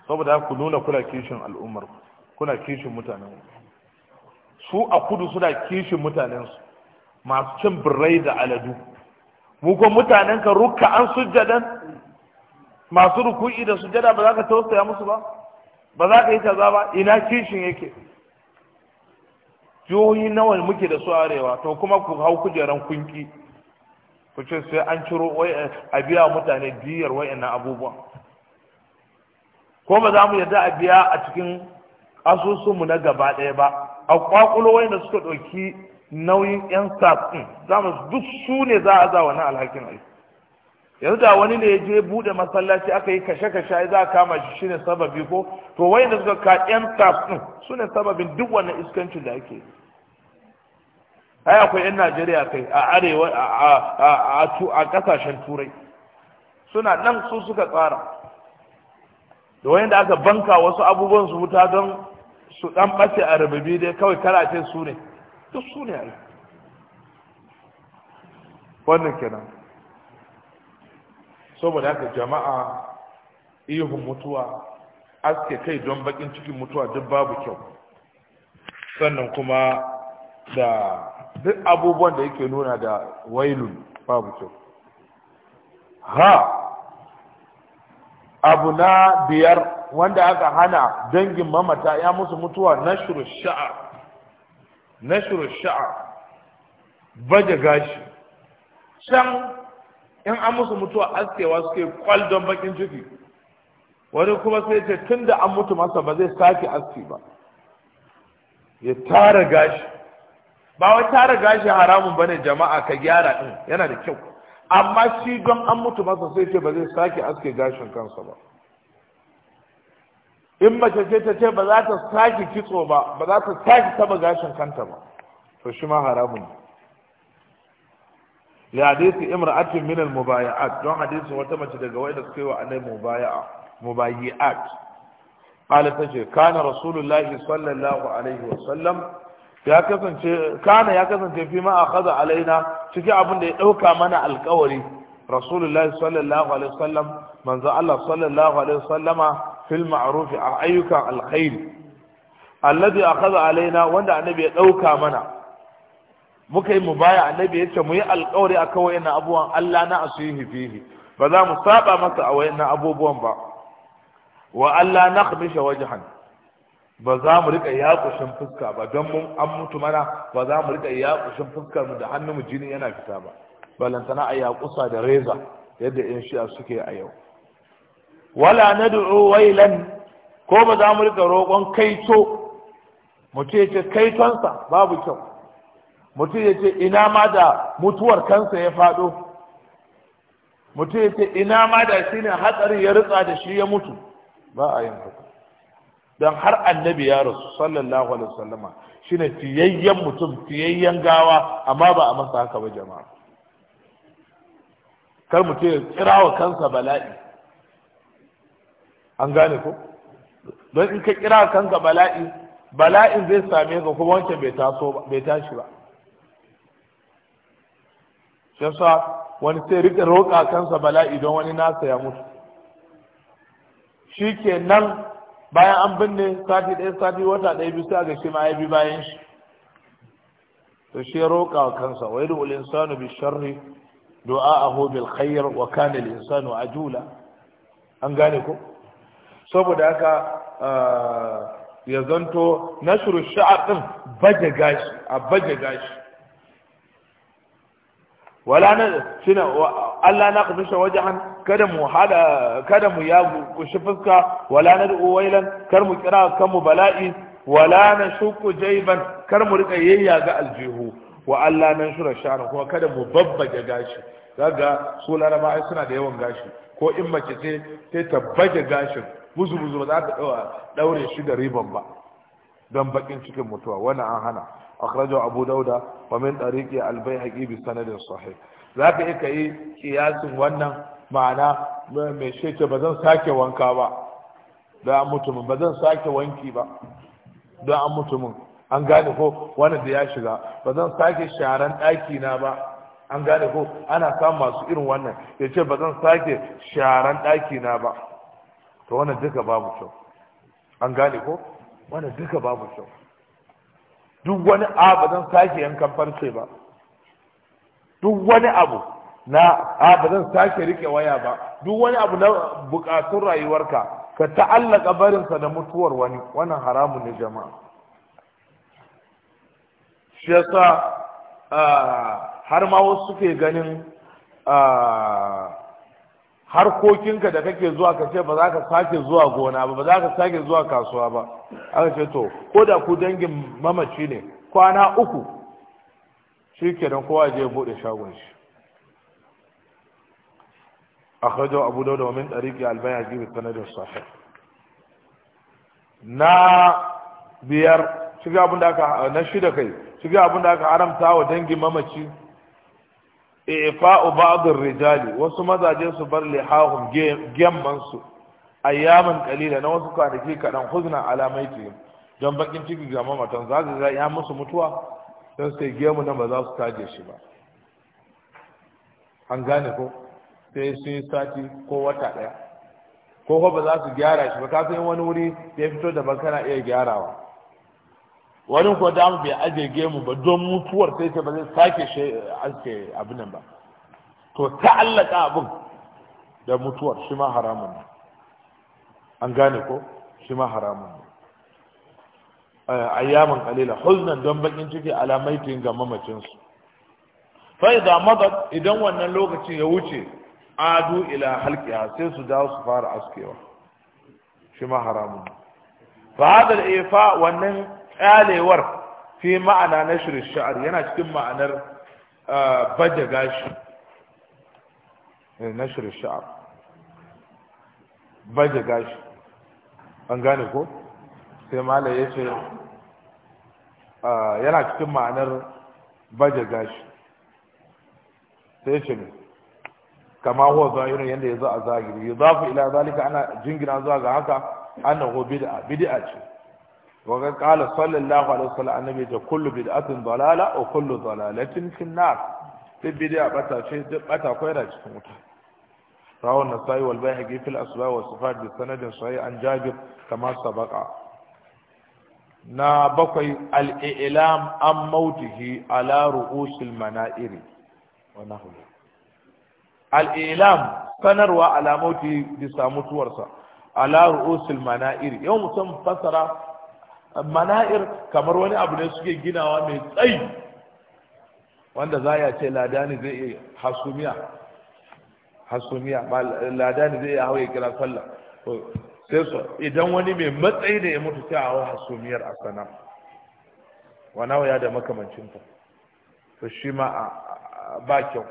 saboda ku nuna kuna kishin al'ummar kuna kishin mutanen su a kudu suna kishin mutanensu masu cin birrai da aladu mu ko mutanen ka rukka an sujjadan masu ruku'i da sujjada ba za ka tausaya musu ba ba za ka yi kaza ba ina kishin yake jihohi nawa muke da su arewa to kuma ku hau kujeran kunki ku ce sai an ciro eh, a biya mutane biyar wa'annan abubuwan ko ba za mu yarda a biya a cikin asusunmu na gaba ɗaya ba a kwakulo wa'anda suka ɗauki nauyin 'yan sa'in za mu duk su ne za a za wani alhakin aiki yanzu da wani ne ya je bude masallaci aka yi kashe-kashe za a kama shi shine sababi ko to wai da suka ka yan staff din sune sababin duk wannan iskancin da ake ai akwai yan Najeriya kai a arewa a a kasashen turai suna nan su suka tsara da wayan da aka banka wasu abubuwan su wuta don su dan bace a rububi dai kawai ce su ne duk su ne ai wannan kenan saboda haka jama'a ihun mutuwa aske kai don bakin cikin mutuwa duk babu kyau sannan kuma da duk abubuwan da yake nuna da wailun babu kyau ha abu na biyar wanda aka hana dangin mamata ya musu mutuwa nashru sha'a sha'a baje gashi can in an musu mutuwa askewa suke kwal don bakin ciki wani kuma sai ce tun da an mutu masa ba zai sake aski ba ya tara gashi ba wai tara gashi haramun bane jama'a ka gyara din yana da kyau amma shi don an mutu masa sai ce ba zai sake aske gashin kansa ba in mace ce ta ce ba za ta sake kitso ba ba za ta sake taba gashin kanta ba to shi ma haramun ne li hadisi imra'atin min al-mubayi'at don hadisi wata mace daga wanda suka yi wa annabi mubayi'a mubayi'at qala tace kana rasulullahi sallallahu alaihi wa sallam ya kasance kana ya kasance fi ma akhadha alaina ciki abin da ya dauka mana alƙawari rasulullahi sallallahu alaihi wa sallam manzo Allah sallallahu alaihi wasallama fil ma'ruf a ayyukan alkhair alladhi akhadha alaina wanda annabi ya dauka mana muka yi mu baya annabi ce mu yi alƙawari kawai na abubuwan Allah na suyi hifihi ba za mu saba masa a na abubuwan ba wa Allah na khamisha wajhan ba za mu rika yakushin fuska ba don mun an mutu mana ba za mu rika yakushin fuska mu da hannun mu jini yana fita ba balantana a yakusa da reza yadda in shi'a suke a yau wala nad'u wailan ko ba za mu rika roƙon kaito mu ce ce kaitonsa babu kyau mutum ya ce ina ma da mutuwar kansa ya faɗo mutum ya ce ina ma da shi ne hatsari ya ritsa da shi ya mutu ba a yin haka don har annabi ya rasu sallallahu alaihi wasallama shine fiyayyen mutum fiyayyen gawa amma ba a masa haka ba jama'a kar mutum ya tsira wa kansa bala'i an gane ko don in ka kira kanka bala'i bala'in zai same ka kuma wancan bai taso bai tashi ba Shasa yasa wani sai rika roƙa kansa bala'i don wani nasa ya mutu shi ke nan bayan an binne sati ɗaya sati wata ɗaya bisa ga shi ma ya bi bayan shi to shi ya roƙa kansa wa yadda ulinsanu bi sharri a hobil khayyar wa kane al insanu jula an gane ko saboda haka eh, ya zanto nashiru sha'ab ɗin baje gashi a baje gashi wala na shine Allah na kubisha wajahan kada mu hada kada mu ya kushi fuska wala na du wailan kar mu kira kan mu bala'i wala na shuku jayban kar mu rika yayya ga aljihu wa Allah nan shura sharu kuma kada mu babbaje gashi kaga su laraba ai suna da yawan gashi ko in mace ce sai ta tabbaje gashin buzu buzu ba za ta daure shi da riban ba don bakin cikin mutuwa wannan an hana akhrajahu abu dauda wa min tariqi al-baihaqi bi sanadin sahih zaka iya kai kiyasin wannan ma'ana mai shece ba zan sake wanka ba don an mutumin ba zan sake wanki ba don an mutumin an gane ko wani da ya shiga ba zan sake sharan daki na ba an gane ko ana samun masu irin wannan ya ce ba zan sake sharan daki na ba to wannan duka babu kyau an gane ko wannan duka babu kyau duk wani abu zan sake yankan farce ba duk wani abu na a ba zan sake rike waya ba duk wani abu na bukatun rayuwarka ka ta'allaka barinsa da mutuwar wani wannan haramun ne jama'a shi yasa ah, har ma wasu suke ganin ah, harkokinka da kake zuwa ka ce ba za ka sake zuwa gona ba ba za ka sake zuwa kasuwa ba aka ce to ko da ku dangin mamaci ne kwana uku shi ke nan kowa je bude shagon shi akhrajahu abu da wa min tariqi al albaya bi sanad sahih na biyar shiga abin da aka na shida kai shiga abin da aka haramta wa dangin mamaci ifa'u ba'dhur rijali wasu mazaje su bar lihahum man su ayyaman qalila na wasu kwanaki kadan huzna alamaiti don bakin ciki ga mamatan za ga ya musu mutuwa don sai gemu nan ba za su taje shi ba an gane ko sai sun yi sati ko wata daya ko ba za su gyara shi ba ka san wani wuri ya fito da ban kana iya gyarawa wani kuma da bai aje gemu ba don mutuwar sai ce ba zai sake shi aske abin nan ba to ta'allaka abin da mutuwar shi ma haramun ne an gane ko shi ma haramun ne eh, ayyaman kalila huznan don bakin ciki alamaitin ga mamacinsu fai da madat idan wannan lokacin ya wuce adu ila halƙiya sai su dawo su fara askewa shi ma haramun fa hadal ifa wannan kyalewar fi ma'ana na sha'ar yana cikin ma'anar baje gashi eh, na sha'ar baje gashi an gane ko sai mala ya ce yana cikin ma'anar baje gashi sai ce ne kama huwa zahirin yadda ya zo a zahiri ya zafi ila zalika ana jingina zuwa ga haka annahu bid'a bid'a ce وقد قال صلى الله عليه وسلم النبي كل بدعة ضلالة وكل ضلالة في النار في بدعة بتا شيء بتا كويرة cikin wuta رواه النسائي والبيهقي في الأسباء والصفات بسند صحيح عن جابر كما سبق نا بقي الإعلام an موته على رؤوس المنائر wani الإعلام سنروى على موته mautihi bisa على رؤوس المنائر يوم yau mutum mana'ir kamar wani abu ne suke ginawa mai tsayi wanda za ya ce ladani zai iya hasumiya hasumiya ba ladani zai iya hau ya kira sallah sai su idan wani mai matsayi da ya mutu sai a hawa hasumiyar a sana wana waya da makamancinta to shi ma ba kyau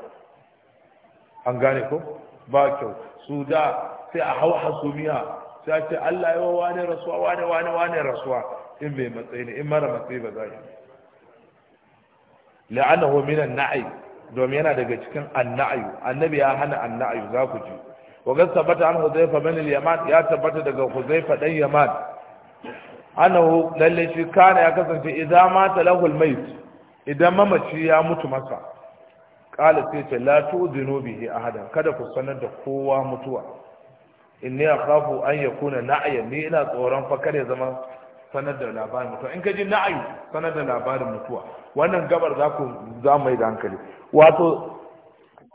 an gane ko ba kyau su da sai a hawa hasumiya sai a ce Allah ya wa wane rasuwa wane wane wane rasuwa in bai matsayi ne in mara matsayi ba za shi la'anahu minan na'i domin yana daga cikin annayu annabi ya hana annayu za ku ji wa ga tabbata an huzaifa bin al-yaman ya tabbata daga huzaifa dan yaman annahu lalle shi kana ya kasance idan mata lahu al-mayt idan mamaci ya mutu masa qala sai ce la tu'dinu bihi ahadan kada ku sanar da kowa mutuwa inni akhafu an yakuna na'yan ni ina tsoron fa kare zama sanar da labarin mutuwa in ka ji na'ayu sanar da labarin mutuwa wannan gabar za ku za mu yi da hankali wato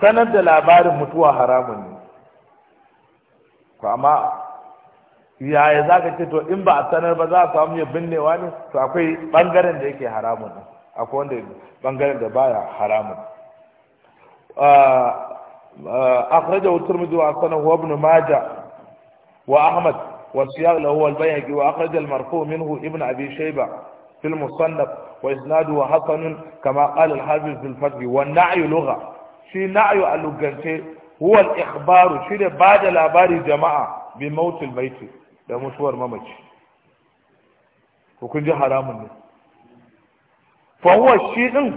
sanar da labarin mutuwa haramun ne ko amma yaya za ka ce to in ba a sanar ba za a samu ya binnewa ne to akwai bangaren da yake haramun ne akwai wanda bangaren da baya haramun ah, ah, akhrajahu tirmidhi wa sanahu ibn maja wa ahmad والسياق له هو البيهقي وأخرج المرفوع منه ابن أبي شيبة في المصنف وإسناده حسن كما قال الحافظ في الفتح والنعي لغة في نعي اللغه هو الإخبار شيء بعد الأبار جماعة بموت الميت ده مشوار ممشي وكنت حرام فهو الشيء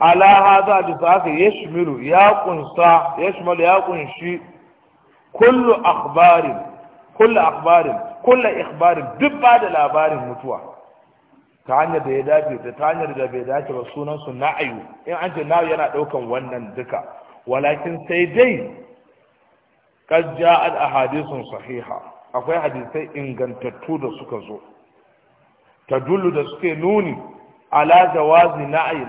على هذا بساعته يشمل يا قنصا يشمل يا قنشي كل أخبار kulla akhbarin kulla ikhbarin duk ba da labarin mutuwa ta hanyar da ya dace da ta hanyar da bai dace ba sunan su na'ayu in an ce na'ayu yana daukan wannan duka walakin sai dai a ja'at ahadithun sahiha akwai hadisai ingantattu da suka zo tadullu da suke nuni ala jawazi na'ayi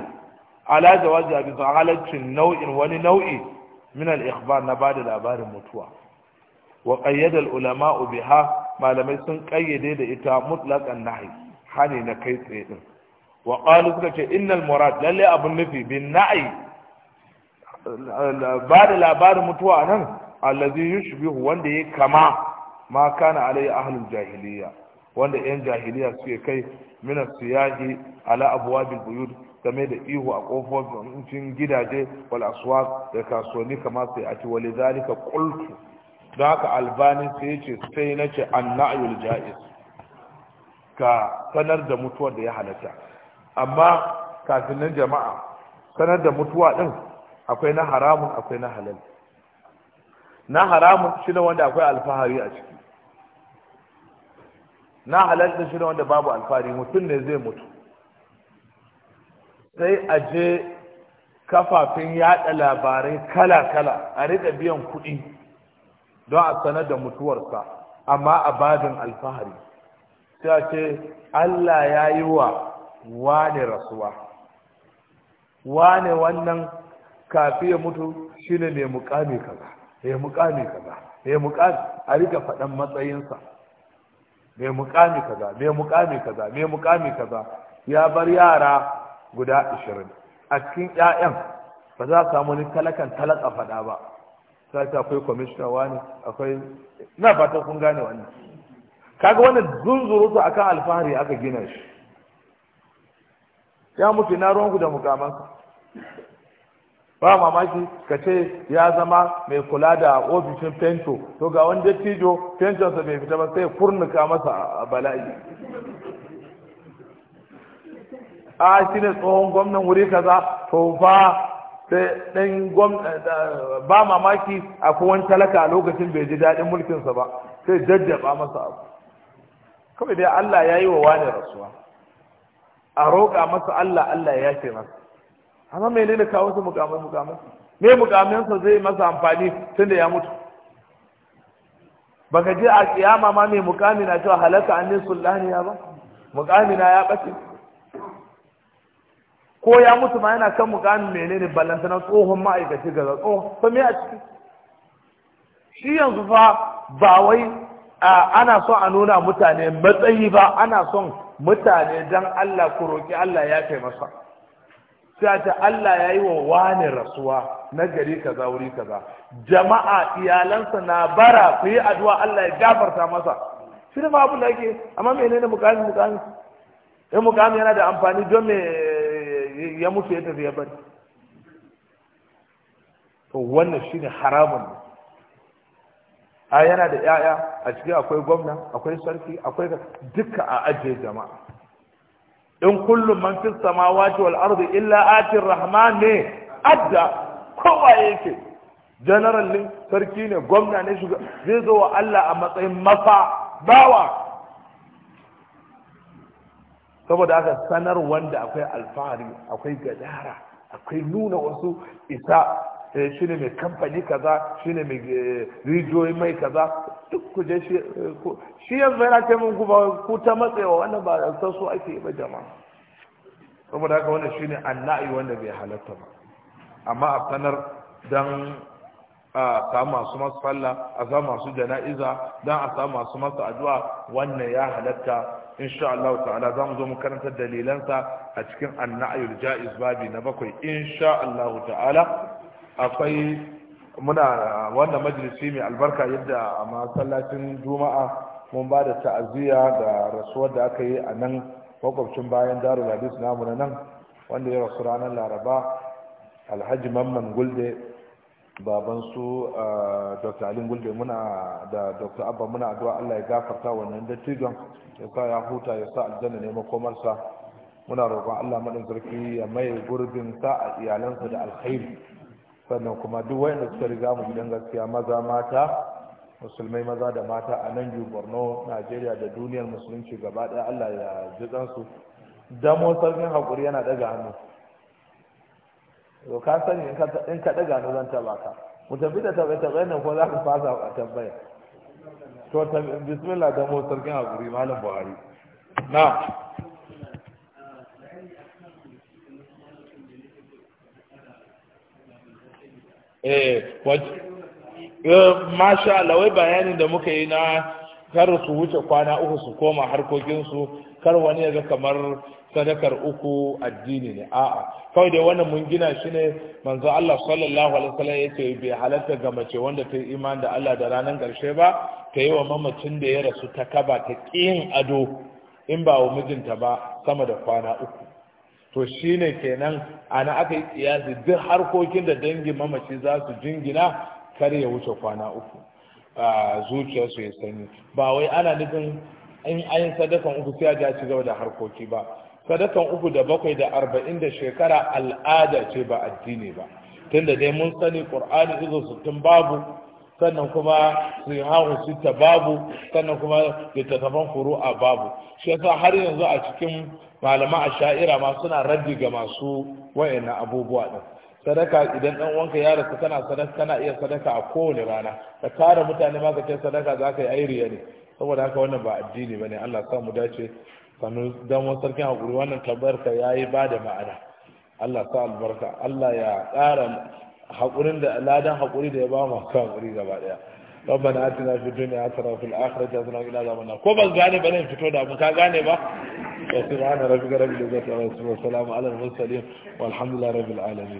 ala jawazi abi halaccin nau'in wani nau'i min al-ikhbar na bada labarin mutuwa wa qayyada ulama biha malamai sun kayyade da ita mutlaqan nahi hani na kai tsaye din wa qalu suka ce innal murad lalle abun nufi bin na'i ba da labarin mutuwa nan allazi yushbihu wanda ya kama ma kana alai ahlul jahiliya wanda yan jahiliya suke kai minas siyahi ala abwabil buyut game da ihu a kofofin gidaje wal aswaq da kasuwanni kamar sai a ci walizalika qultu don haka albani sai ya ce sai na ce an na'ayul ja'iz ka sanar da mutuwa da ya halatta amma kafin nan jama'a sanar da mutuwa din akwai na haramun akwai na halal na haramun shi ne wanda akwai alfahari a ciki na halal din shi ne wanda babu alfahari mutum ne zai mutu sai a je kafafin yada labarai kala-kala a rika biyan kuɗi don a sanar da mutuwarsa amma a babin alfahari ta ce Allah ya yi wa wane rasuwa wane wannan kafi ya mutu shi ne mai mukami kaza mai mukami kaza mai mukami a rika faɗan matsayinsa mai mukami kaza mai mukami kaza mai mukami kaza ya bar yara guda ashirin a cikin 'ya'yan ba za a samu ni talakan talaka faɗa ba sai akwai commissioner wani akwai ina fatan kun gane wannan kaga wannan su akan alfahari aka gina shi ya mutu na ruwanku da mukamansa ba mamaki ka ce ya zama mai kula da ofishin fento to ga wani dattijo fentonsa bai fita ba sai kurnuka masa a bala'i a ah, shi ne tsohon gwamnan wuri kaza to fa sai ɗan eh, ba mamaki akwai wani talaka a lokacin bai ji daɗin mulkinsa ba sai jajjaba masa abu kawai dai Allah ya yi wa wani rasuwa a roƙa masa Allah Allah ya ce masa amma mai ne da kawo su mukamai mukamai me mukaminsa zai masa amfani tun da ya mutu baka je a kiyama ma mai mukami na cewa halaka an ne ya ba mukami na ya ɓace ko ya mutu ma yana kan mukamin menene ballanta na tsohon ma'aikaci ga zato? fa me a ciki shi yanzu fa ba wai ana son a nuna mutane matsayi ba ana son mutane dan Allah ku roki Allah ya kai masa sai ta Allah ya yi wa wani rasuwa na gari kaza wuri kaza jama'a iyalansa na bara ku yi addu'a Allah ya gafarta masa shi ne ma abin da ake amma menene mukamin mukamin eh, in yana da amfani don me ya mutu ya tafi ya bari to wannan shine haramun a yana da yaya a ciki akwai gwamna akwai sarki akwai duka a ajiye jama'a in kullum man fi samawati wal ardi illa atir rahman ne adda kowa yake general ne sarki ne gwamna ne shugaba zai zo wa Allah a matsayin mafa bawa saboda aka sanar wanda akwai alfahari akwai gadara akwai nuna wasu isa eh, shi ne mai kamfani kaza shi ne mai eh, rijiyoyi mai kaza duk kuje shi eh, shi yanzu yana kai mun guba ku ta matsewa wannan ba san so ake ba jama'a saboda haka wannan shi ne anna'i wanda bai halatta ba amma a sanar don a samu masu masu falla a samu masu jana'iza don a samu masu masu addu'a wannan ya halatta insha Allah ta'ala za mu zo mu karanta dalilansa a cikin annayul ja'iz babi na bakwai insha Allah ta'ala akwai muna wannan majalisi mai albarka yadda a masallacin juma'a mun ba da ta'aziyya ga rasuwar da aka yi a nan makwabcin bayan darul hadis namu na nan wanda ya rasu ranar laraba alhaji mamman gulde baban su dr alin gulbe muna da dr abba muna addu'a allah ya gafarta wannan dattijon ya kawo ya huta ya sa aljanna ne makomarsa muna roƙon allah maɗin sarki ya maye gurbin sa a iyalansa da alkhairi sannan kuma duk da suka riga mu gidan gaskiya maza mata musulmai maza da mata a nan biyu borno najeriya da duniyar musulunci gaba ɗaya allah ya ji ɗansu damo sarkin haƙuri yana ɗaga hannu to ka sani in ka daga ni zan taɓa ka mu tafi da taɓa taɓa nan ko za ka fasa a tabbaya to bismillah da mu sarkin hakuri malam buhari na eh, eh masha Allah wai bayanin da muka yi na kar su wuce kwana uku su koma harkokinsu kar wani ya ga kamar sadakar uku addini ne a'a kawai dai wannan mun gina shi ne manzo Allah sallallahu alaihi wasallam yace bai halatta ga mace wanda ta yi imani da Allah da ranar karshe ba ta yi wa mamacin da ya rasu ta kaba ta kiyin ado in ba wa mijinta ba sama da kwana uku to shine kenan ana aka yi kiyasi duk harkokin da dangin mamaci za su jingina kar ya wuce kwana uku zuciyarsu ya sanyi ba wai ana nufin in ayin sadakan uku sai ya ci gaba da harkoki ba sadakan uku da bakwai da arba'in da shekara al'ada ce ba addini ba tunda dai mun sani qur'ani izo sittin babu sannan kuma sihahu sita babu sannan kuma littattafan furu'a babu shi yasa har yanzu a cikin a sha'ira ma suna raddi ga masu wayannan abubuwa ɗin. sadaka idan dan wanka ya rasu kana sadaka kana iya sadaka a kowane rana ka tara mutane ma ka ce sadaka za ka yi airiya ne saboda haka wannan ba addini ba ne Allah sa mu dace sanu damo sarkin hakuri wannan ya yi ba da ma'ana Allah sa albarka Allah ya ƙara hakurin da ladan hakuri da ya ba mu hakuri gaba daya ربنا اتنا في الدنيا حسنه وفي الاخره حسنه وقنا عذاب النار ko ban gane ba zan fito da mu ka gane ba subhana rabbika rabbil izzati wa salamun ala al mursalin walhamdulillahi rabbil alamin